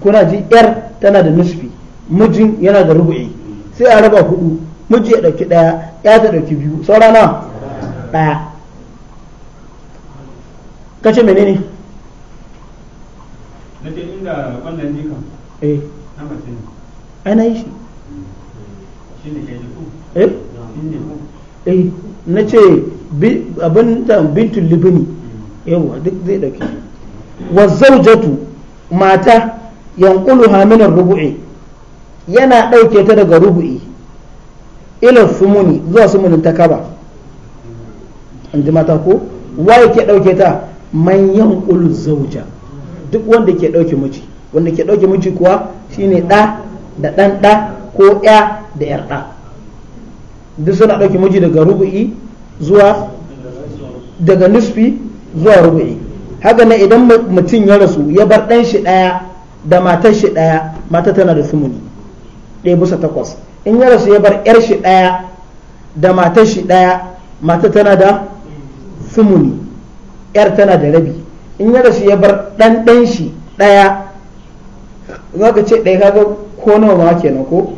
kuna ji yar tana da nisfi mijin yana da rubu'i sai a raba hudu miji ya dauki daya ya ta dauki biyu saura nawa ɗaya kace menene na ce inda wannan jikan eh na mace ne ai shi Eh? eh na ce abin da bintul libini yawa duk zai dauke wa zaujatu mata yankulu haminar rubu'i yana dauke ta daga rubu'i ilar sumuni zuwa sumunin ta kaba an ji mata ko wa yake dauke ta man yanqulu zauja duk wanda ke dauke miji wanda ke dauke miji kuwa shine da da dan da ko ya da yar ɗa duk suna ɗauki miji daga rubu'i zuwa daga nisfi zuwa rubu'i haka ne idan mutum ya rasu ya bar ɗan shi ɗaya da matar shi ɗaya mata tana da sumuni ɗaya bisa takwas in ya rasu ya bar yar shi ɗaya da matar shi ɗaya mata tana da sumuni yar tana da rabi in ya rasu ya bar ɗan ɗan shi ɗaya za ka ce ɗaya kaga ko nawa ma kenan ko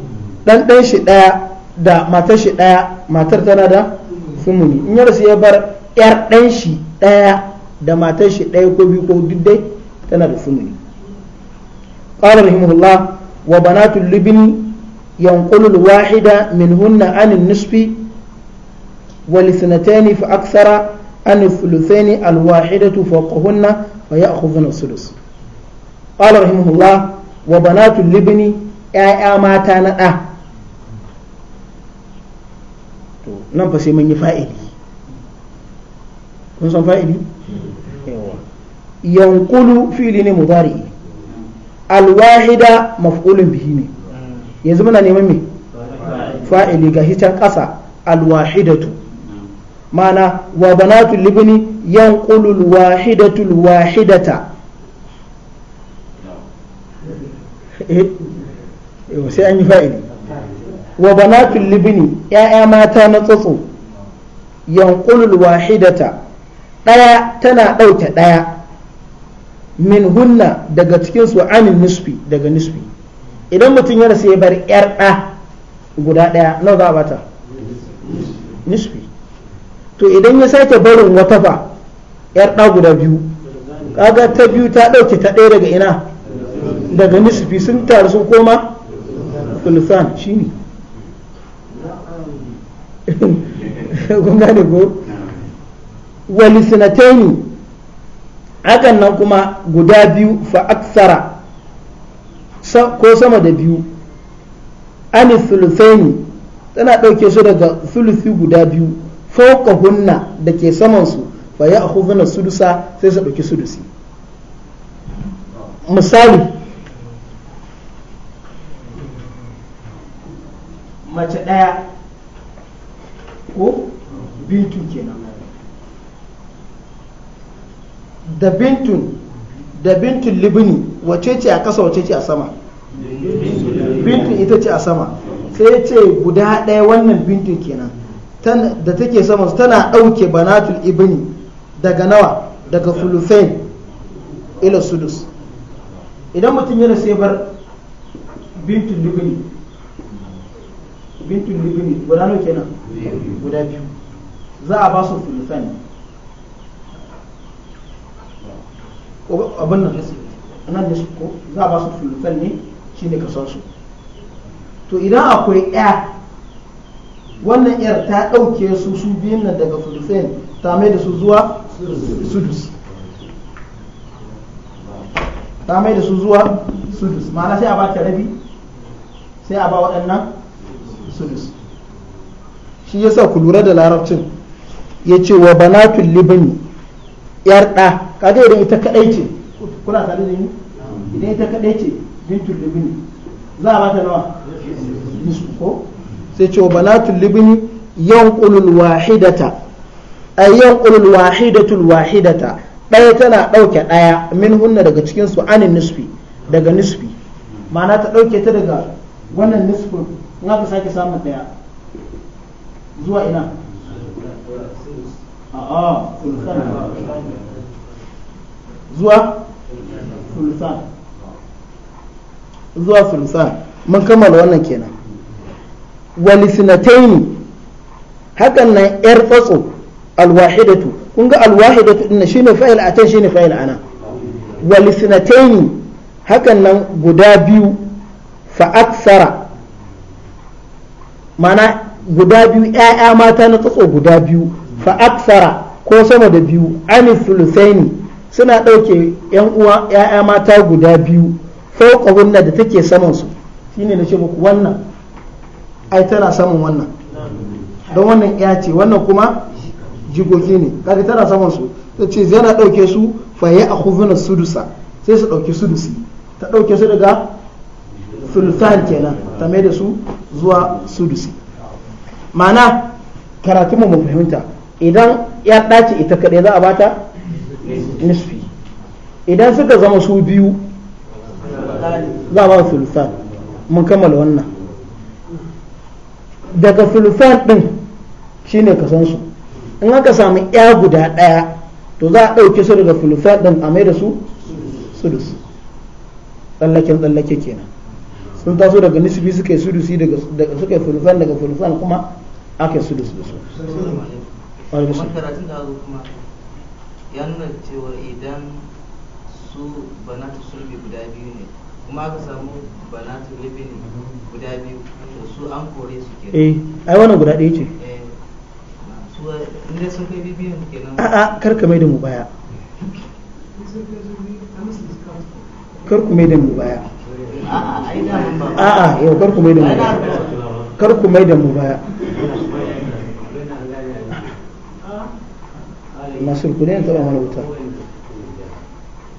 dan dan shi daya da matar ɗaya daya matar tana da sumuni in yarsu ya bar yar ɗanshi ɗaya da matar ɗaya daya ko biyu ko duk dai tana da sumuni qala rahimahullah wa banatu libni yanqulu alwahida min hunna nisfi wal ithnatani fa aksara an thuluthaini alwahidatu fawqahunna fa ya'khudhuna thuluth qala rahimahullah wa banatu libni ya'ya mata na da' to nan fa sai mun yi fa'ili kun san fa'ili yankulu fili ne mudari alwahida maf'ulun bihi ne yanzu muna neman me fa'ili ga hitan ƙasa alwahidatu mana wa banatul libni yanqulu alwahidatu alwahidata eh sai an yi fa'ili wa banatul libni ya'ya mata na tsatso yanqulul wahidata daya tana dauke daya min hunna daga cikin su anin nisfi daga nisfi idan mutum ya rasa ya bar yar da guda daya nawa za bata nisfi to idan ya sake barin wata fa yar da guda biyu kaga ta biyu ta dauke ta daya daga ina daga nisfi sun taru sun koma sulfan shine kun gane ko hakan nan kuma guda biyu fa aksara ko sama da biyu ani sulusaini tana ɗauke su daga sulusi guda biyu fauka hunna da ke samansu fa ya akhudhuna sudusa sai su ɗauki sudusi misali mace ɗaya ko bintun kenan da bintun da bintun libini wace ce a ƙasa wace ce a sama bintun ita ce a sama sai ce guda ɗaya wannan bintun kenan da take sama tana ɗauke banatul ibini daga nawa daga fulufen ila sudus idan mutum yana sai bar bintun libini bintun nujumi guda nawa kenan guda biyu za a ba su sulusan abin nan nan da su ko za a ba su sulusan ne shine kasar su to idan akwai ɗaya wannan yar ta ɗauke su su biyun nan daga sulusan ta mai da su zuwa sudus ta mai da su zuwa sudus ma'ana sai a ba ta rabi sai a ba waɗannan sulus shi yasa ku lura da larabcin ya ce wa banatul libni yar ɗa kaga idan ita kadai ce kuna tare da ni idan ita kadai ce bintul libni za a bata nawa ko sai ce wa banatul libni yanqulul wahidata ay yanqulul wahidatul wahidata ɗaya tana ɗauke ɗaya min hunna daga cikin su anin nisfi daga nisfi ma'ana ta ɗauke ta daga wannan nisfin in aka sake samun daya zuwa ina a'a sultan zuwa sultan zuwa sultan mun kammala wannan kenan walisinataini hakan nan yar tsatso alwahidatu kun ga alwahidatu shi ne fa'il shi ne fa'il ana walisinataini hakan nan guda biyu fa'aksara mana guda biyu ‘ya'ya mata na tsatso guda biyu aksara ko sama da biyu anifulusaini suna ɗauke ‘yan uwa ‘ya'ya mata guda biyu fauka wunna da take samansu shine na ce muku wannan ai tana saman wannan don wannan ya ce wannan kuma jigogi ne kaga tana saman su ta ce zai na ɗauke su fa ya akhuzuna sudusa sai su ɗauki sudusi ta ɗauke su daga sulusahan kenan ta mai da su zuwa sudusi ma'ana karatu mu fahimta idan ya ɗace ita kaɗai za a bata nisfi idan suka zama su biyu za a ba sulusan mun kammala wannan daga sulusan ɗin shine su in aka samu ya guda ɗaya to za a ɗauke su daga sulusan ɗin a mai da su sudus tsallaken tsallake kenan sun taso daga nisbi suka yi sudusi daga suka yi fulfan daga fulfan kuma aka yi da su kuma ya nuna banatu ne kuma aka samu banatu guda biyu to su an kore su ke eh ai wannan guda ɗaya ce eh, inda sun kai a'a karka mai mu baya karku mai da mu baya a'a yau kar ku mai da mu kar ku mai da baya masu ku ne taba mana wuta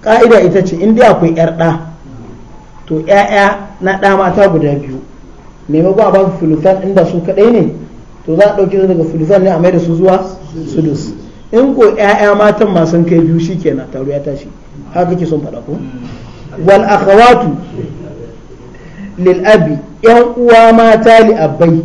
ka'ida ita ce inda akwai yar ɗa to ya'ya na ɗa mata guda biyu me a ba su filifan inda su kadai ne to za a ɗauke daga filifan ne a mai da su zuwa sudus in ko ya'ya matan masu kai biyu shi kenan taro ya tashi haka kake son faɗa ko wal akhawatu lil'abi yan uwa mata li'abbai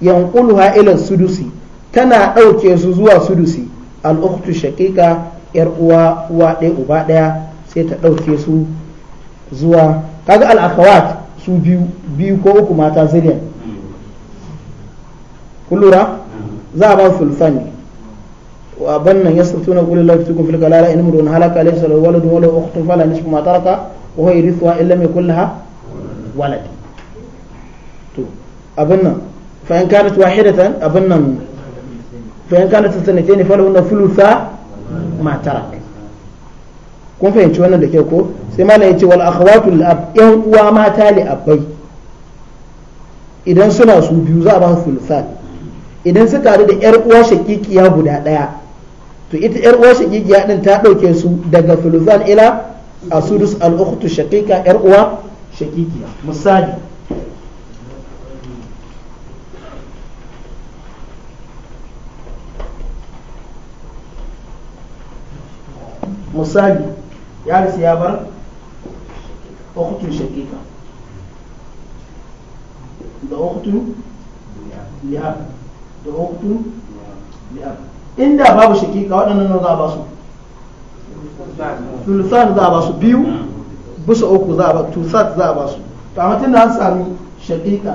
yanquluha ila sudusi tana ɗauke su zuwa sudusi al'uktu shaƙiƙa yar uwa ɗaya uba ɗaya sai ta ɗauke su zuwa kaga al'akawat su biyu ko uku mata zillion kullura za a ba fulfan ne wa bannan yasrutuna qul la tukum fil kalala in murun halaka laysa lahu waladun wa lahu ukhtun fala ma walad to abin nan fa in kanat wahidatan abin nan fa in kanat sanatayn fa lahunna thulutha ma kun fahimci wannan da ke ko sai ma ya ce wal akhawatu lil ab yan uwa mata li abai idan suna su biyu za a ba su thulutha idan suka da yar uwa shakikiya guda daya to ita yar uwa shakikiya din ta dauke su daga thuluthan ila asudus al-ukhtu shaqiqa yar uwa shakikiya misali misali ya rasu ya bar ukutun shakika da ukutun li'ab da ukutun li'ab inda babu shakika waɗannan za a ba su za a ba su biyu bisa uku za a ba sat za a ba su to amma tunda da an sami shaqiqa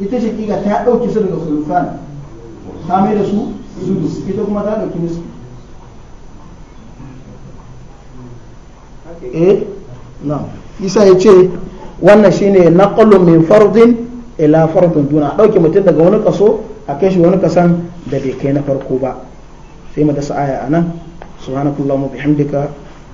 ita shaqiqa ta ɗauki su daga sulfan ta mai da su zulus ita kuma ta ɗauki su eh na isa ya ce wannan shine naqlu min fardin ila fardin duna ɗauke mutum daga wani kaso a kai shi wani kasan da bai kai na farko ba sai mu dasa aya anan subhanakallahumma bihamdika